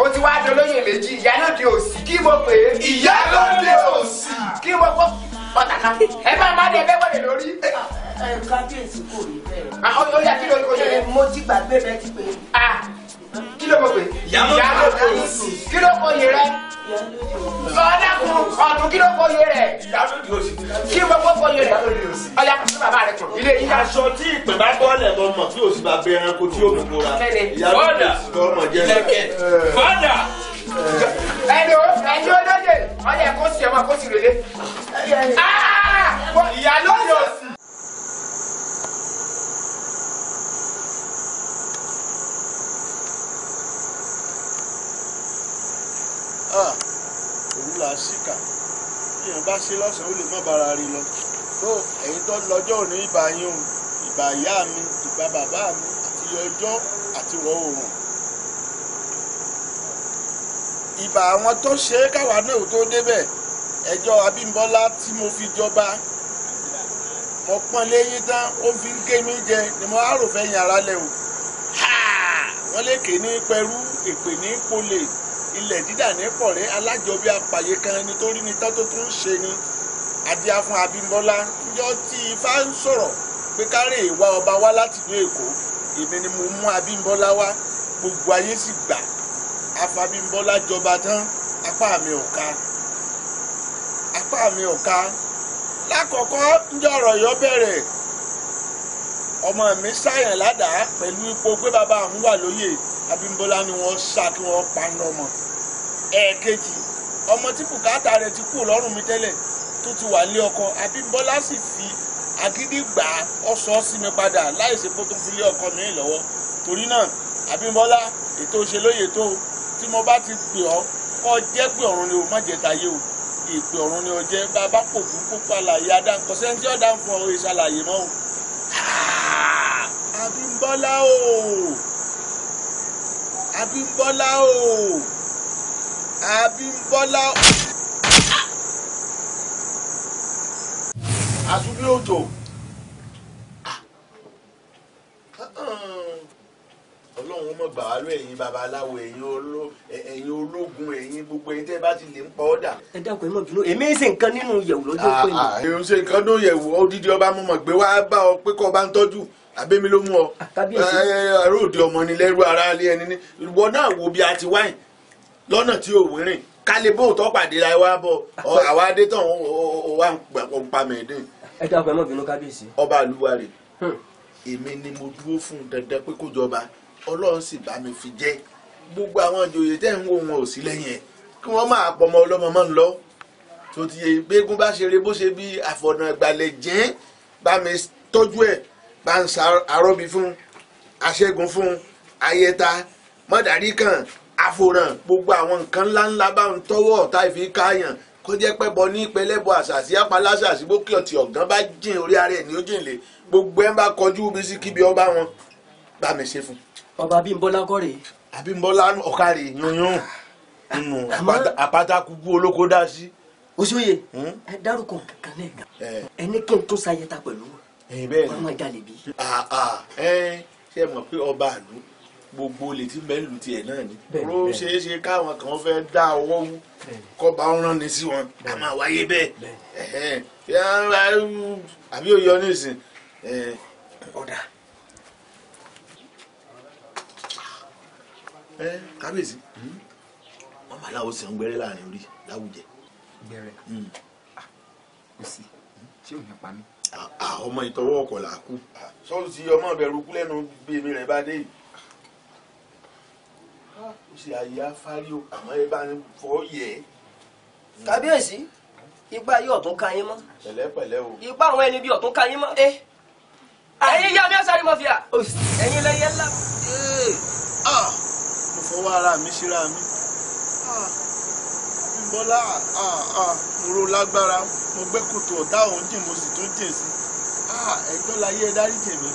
o ti wá dolóyè méjì ìyálóde òsì kí mo pè é. ìyálóde òsì kí mo pè é ọ̀tàkà ẹ máa má dé ẹgbẹ́ wẹ̀rẹ̀ lórí. kábíyèsí kò rí bẹ́ẹ̀. ó yà kí ló ń kó yẹ. mo ti gbàgbé rẹ ti pè é kí ló mọ̀ pé. ìyálóde oṣù kí ló kọ yẹrẹ. ọ̀dàkùn ọ̀dùn kí ló kọ yẹrẹ. ìyálóde oṣù kí ló kọ yẹrẹ. ọ̀yà kò sí bàbá rẹ kùn. ilé yíyá. aṣọ tí ìpè bá bọ́ọ̀lẹ̀ lọ mọ̀ tí òsì bá bẹ ẹranko tí ó mú ra. ìyálóde oṣù lọ́mọ jẹ́ fọ́dà ẹni o ẹni o lóye ọyẹ kó sì ọmọ kó sì rèlé. ìyá ló Ah, òun là á síkà èèyàn bá ṣe lọ́sàn-án ó lè má bára rí lọ tó ẹ̀yin tó lọ́jọ́ òní ìbà yín o ìbà ìyá mi ìbà bàbá mi àti ọjọ́ àti wọ̀ oòrùn ìbà àwọn tó ṣe é káwa náà tó débẹ̀ ẹjọ́ Abímbọ́lá tí mo fi jọba mo pọ́n léyìn tán ó fi ń gé mi jẹ ni mo á rò fẹ́ yàrá lẹ̀ wọ́n lè ké ní pẹ̀rú èpè ní polè ilẹ̀ dídà ní kọ̀rẹ́ alájọbí apàyè kan ẹni tó rí ni tán tó tún ń ṣe ni adíá fún Abímbọ́lá níjọ́ tí ifá ń sọ̀rọ̀ pé kárẹ̀ ìwà ọba wá láti ìlú Èkó èmi ni mo mú Abímbọ́lá wá gbogbo ayé sì gbà afabímbọ́lá jọba tán apá mi ò ká apá mi ò ká lákọ̀ọ́kọ́ ńjọ́ ọ̀rọ̀ yọ bẹ̀rẹ̀ ọmọ mi ṣàyàn ládàá pẹ̀lú ipò pé bàbá àwọn wà lóyè Abímbọ́lá ni wọ́n sá kí wọ́n pa ń lọ́mọ ẹ̀ẹ̀kejì ọmọ tí bùkátà rẹ̀ ti kú lọ́rùn mi tẹ́lẹ̀ tó ti wà lé ọkọ Abímbọ́lá sì fi agídí gbà ọ sọ sí mi padà láìsí pé tó fi lé ọkọ mi lọ́wọ́ torí náà Abímbọ́lá ètò òṣèlóye tó tí mo bá ti pè ọ́ kọ́ jẹ́ pé ọ̀run ni o má jẹ́ tayé o ìpè ọ̀run ni o jẹ́ bá a bá pò fún kókó àlàyé adáǹkọ sẹ́ńtì ọ̀dà ń fún ọ ìṣàlàyé mọ́ o. Abímbọ́lá o Abímbọ́lá o. Abímbọ́lá àtúndí òjò ọlọ́run mọ̀ gbà wá lọ ẹ̀yin babaláwo ẹ̀yin ológun ẹ̀yin gbogbo ẹ̀yin tẹ́ bá ti lè ń pa ọ́dà. ẹ dákun ẹ mọ̀ bínú èmi ń ṣe nǹkan nínú yẹ̀wò lọ́jọ́ pé mi. Ah, ah, èmi ń ṣe nǹkan nínú yẹ̀wò odidi ọba mo mọ̀ gbé wá bá ọ pé kọ́ ọba ń tọ́jú àbẹ́mi ló mú ọ. àròdì eh, eh, eh, ọmọ ni lẹ́rú ara ilé ẹni ni ìwọ náà wo bí a ti wáyìn lọ́nà tí o wérìn kálí bóun tó pàdé la wá bọ̀ àwa dé tán ó wà ń pa mẹ́ẹ̀dín. ẹ dákun ẹ má bínú kábíyèsí. ọba àlùwárì hmm. èmi ni mo dúró fún dandan pé kó jọba ọlọ́run sì bá mi fi jẹ́ gbogbo àwọn ìjòyè tẹ́ ń wo wọn ò sí lẹ́yìn ẹ̀ kí wọ́n máa pọmọ ọlọ́mọ mọ́ ń lọ tó ti yẹ gbégún bá ṣe eré bó ṣe bí àfọ̀nà ìgbàlẹ̀ jẹ́ bá mi tọ́jú ẹ̀ bá ń sa arọ́bí fún aṣẹ́gun fún ayẹta mọ́dàrí kan àfòràn gbogbo àwọn nǹkan ńláńlá bá ń tọwọ́ ọ̀tá ìfi káyàn kó jẹ́ pẹ́ bọ ní ìpẹ́lẹ́bọ àṣàṣì apalásàṣì bókè ọ̀tí ọ̀gán bá jìn orí ara ẹ̀ ní ó jìn lé gbogbo ẹ̀ ń bá kọjú bí sí kíbi ọba wọn bá mi ṣe fún. ọba Abímbọ́lá kọ́ rèé. Abímbọ́lá ọ̀kárì yúnyún nínú àpátákùkù olóko dá sí. oṣooyè hmm? ẹ dárúkọ kankan náà ẹni kí n tó sayẹta pẹ̀lú wọn máa jalè ṣé ẹ mọ̀ pé ọba àlú gbogbo olè tí mẹ́lù tiẹ̀ náà ni. ró ṣeéṣe káwọn kan fẹ́ dá ọwọ́ wú kọ́ bá ń ránni sí wọn a máa wáyé bẹ́ẹ̀ àbí òye ọ nísìn ọ̀dà. kábíyèsí hmm? wọn máa láwọn sàn gbẹrẹ láàrin orí láwùjẹ. gbẹrẹ hmm. ah, kò sí ṣé òun yẹn pa mí. ọmọ ìtọ́wọ́ ọkọ̀ là á kú. Ah. sọ́ọ̀sì ọmọ ìbẹ̀rù kú lẹ́nu bí èmi rẹ̀ bá dé yìí ó sì àyè afárí o àmọ́ ẹ bá ń fọ́ yẹ. kábíyèsí ipa yìí ọ̀tún ka yín mọ́. pẹ̀lẹ́pẹ̀lẹ́ o. ipa àwọn ẹni bíi ọ̀tún ka yín mọ́. Eh, ẹ̀yin yá bíọ́ sáré mọ́fìà ẹ̀yin lẹ́yẹ ńlá. Eh. Ah. mo fọwọ́ ara mi síra mi ah. bọ́lá ah, mo ro lágbára mo gbẹ́ kòtò ọ̀tá òun jìn mo sì tún jìn sí ẹ̀gbọ́n láyé ẹ dárí jèmi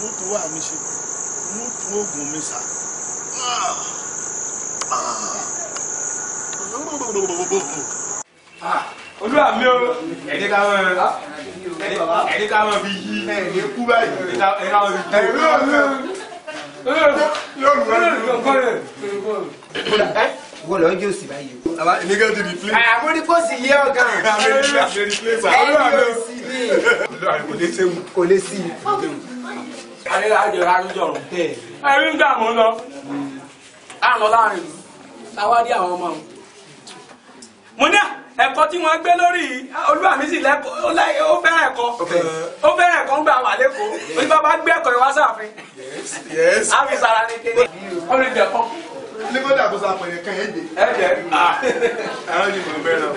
mo tún wà mí ṣe mo tún oògùn mi sà. Ah. olúwa mi o ẹni ká mọ ẹni ká mọ bí yí ẹni kú báyìí ẹni ká mọ bí yí. ẹni yóò lù wọ́n wọ́n lọ yóò sì báyìí ah, o. ní ká di replace. àwọn onípòsì yé ọ̀gá. àwọn replace olúwa mi o. olúwa mi kò àrùn ọlárin ìlú táwa rí àwọn ọmọ wọn. mo ní ẹ̀kọ́ tí wọ́n gbé lórí olúwa mi sì lẹ́kọ̀ọ́ ó fẹ́ràn ẹ̀kọ́ ó fẹ́ràn ẹ̀kọ́ ń gbà wà lẹ́kọ̀ọ́ oní bàbá gbé ẹ̀kọ́ ìwá sàfin àfi sara ni kéde ọ̀rẹ́ ìjọ kan. nígbà tí àkóso àpẹẹrẹ kan ẹ̀ dé. ẹ jẹ́ àrùn ah. ni mò ń bẹ̀rẹ̀ náà.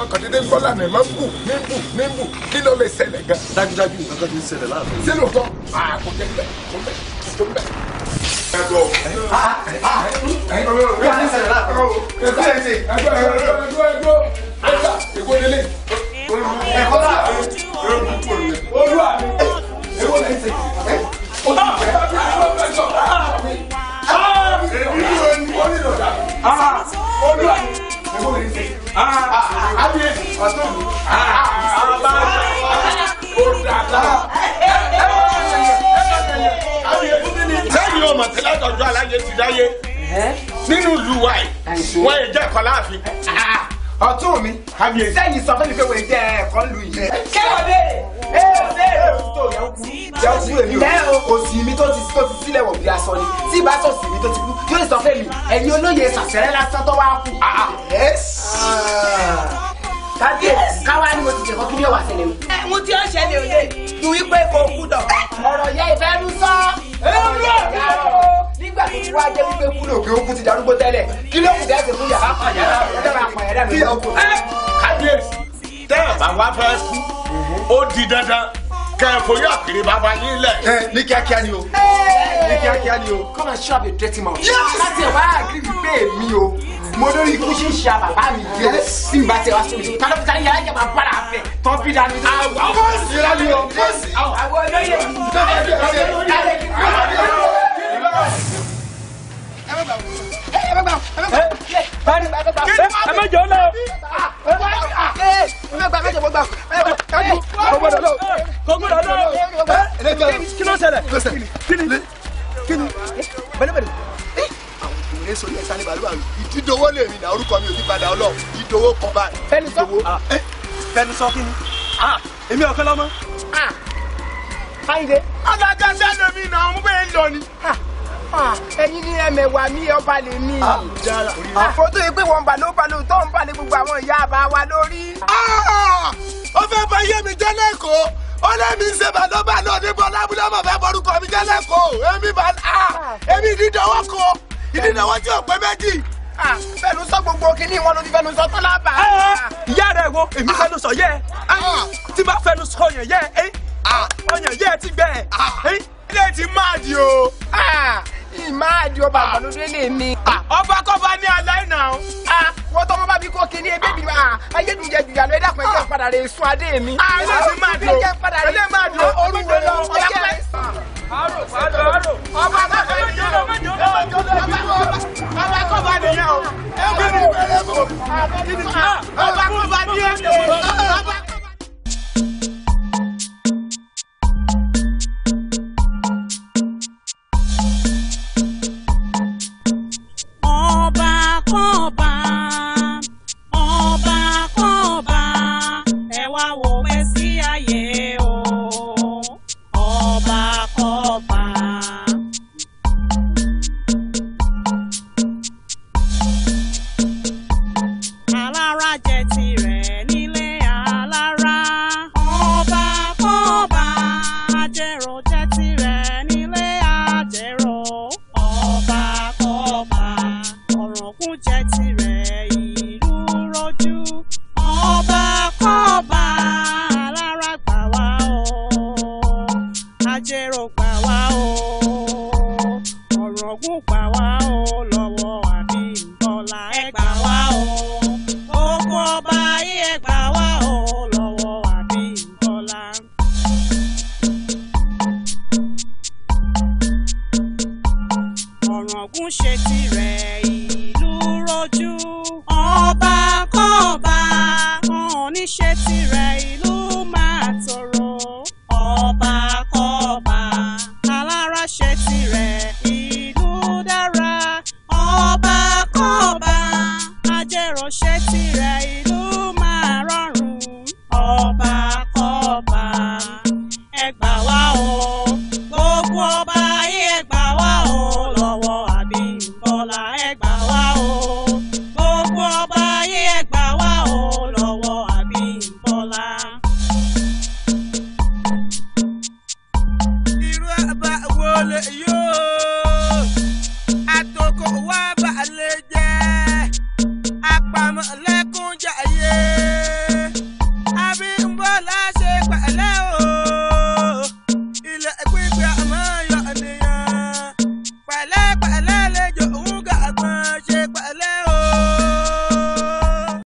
mo kàn déédéé gbọ́ lànà ẹ̀ máa ń bù ní bù ní bù kí ló lè ṣẹlẹ̀ gan. dájúdájú nǹkan kan ti ń ṣẹlẹ̀ láàbẹ̀. ṣé lóòótọ́ àkó jẹ́ bẹ́ẹ̀ tó bẹ́ẹ̀ tó bẹ́ẹ̀. ẹ̀dọ̀ wọ́n ti ṣẹlẹ̀ láàbẹ̀. ẹ̀dọ̀ ẹ̀dọ̀ ẹ̀dọ̀ ẹ̀dọ̀ ẹ̀dọ̀ ẹ̀kọ́ lélẹ̀ ẹ̀kọ́ láàbẹ̀ olúwa ẹ̀kọ́ lẹ́sẹ̀ olúwa adìẹ ọtún àbá ọdàdà lẹ́yìn ọmọ tí látọ̀dọ̀ alájẹ ti dáyé nínú ìlú wa yìí wọ́n yẹ jẹ́ kọ́ láàfin. Ah ọtún mi sẹ́yìn sọ fẹ́mi pé wọ́n jẹ́ ẹ̀kọ́ lu yìí. kẹ́wọ̀dé ẹ ò dé ètò yẹn kú èmi ò òsì mi tó ti tó ti sílẹ̀ wọ̀ bí aṣọ ni tí ìbá sọ òsì mi tó ti kú yóò sọ fẹ́mi ẹ̀yin olóye sàṣẹ́rẹ́ lásán tó wá kù kábíyèsí káwá ni mo ti jẹ̀kọ́ kí ni ọ̀wà ṣẹlẹ̀ o. ẹ mo ti ọ ṣẹlẹ̀ òde ju wípé kò kú dọ̀. ọ̀rọ̀ yẹn ìfẹ́ nu sọ. ewúrẹ́ ọ̀gá o. nígbà tó ti wá jẹ́ wípé kú lè òkè òkú ti darúgbó tẹ́lẹ̀ kí ló kù dẹ́sẹ̀ fún yàrá kan yàrá ọ̀dọ́ máa pọ̀ yàrá mi. kábíyèsí tẹ́ ẹ̀ bá wá fẹ́ kú ó di dandan kẹfọ yóò kiri bàbá yín lẹ. ẹ ní kíákíá ni o ní kíákíá ni o. come and shop a dirty mouth. láti ẹ̀ wá àgírí pé èmi o mo lórí ikú ṣe ń ṣe mi yẹ tí n bá tẹ wá sóbi tani tani yàrá jẹ bàbá rà fẹ tọ́ bí dání. àwọn ọmọ sì rà ní o. àwọn olóyè mi. ẹ má jọ lọ. kògbódò lọ. kògbódò lọ. kí ló ṣẹlẹ̀. kí ni. kí ni. bẹ́ẹ̀ bẹ́ẹ̀ ìrìn sórí ẹ̀sán ní bàlúwà rẹ̀ ìdídowó lèmi náà orúkọ mi ò ní padà ọlọ́ọ̀ ìdídowó kan báyìí. fẹnusọ fẹnusọ kí ni èmi ọ̀kẹ́ lọ́mọ. Fáyidé. ọlọ́jà sẹ́nu mi náà mo bẹ́ẹ̀ lọ ni. ẹyin ni ẹmẹ̀wà mi ọba lè mi. àfọ́tò yìí pé wọ́n ń bà ló bà ló tó ń bà lé gbogbo àwọn ìyá àbá wa lórí. ó fẹ́ bá yé mi jẹ́ lẹ́kọ̀ọ́ ó lé mi ṣe bàlọ́bàlọ́ nípa ọlábùdá mọ̀ fẹ́ borúkọ mi jẹ́ lẹ́kọ̀ọ́ èmi bàlá èmi dídọ́wọ́ kọ́ ìdí náà wọ́n ti ọ̀pẹ méjì. fẹnu sọ gbogbo kínní wọn ló ní fẹnu sọ tán lábàá. ìyá rẹ wo èmi fẹnu sọ yẹ tí bá fẹnu sọ ọyàn yẹ ọyàn yẹ ti gbẹ ilé ti máa di o. ìmáàdì ọba àgbàlódé lè mi. ọba kọba ní aláìná. wọ́n tọ́ mọ́ bá mi kó kínní ebí mi ayélujára jùlọ àlọ́ ẹ̀dá kan ẹ̀jẹ̀ padà rẹ̀ sùn adé mi. ilé ti máa di o ilé máa di o orúkọ lọ ọjà pẹ́ àárò ọba tó fẹ́ jẹ́ ọba ọba tó fẹ́ jẹ́ ọba ọba tó bá nìyẹn o ọba tó bá nìyẹn o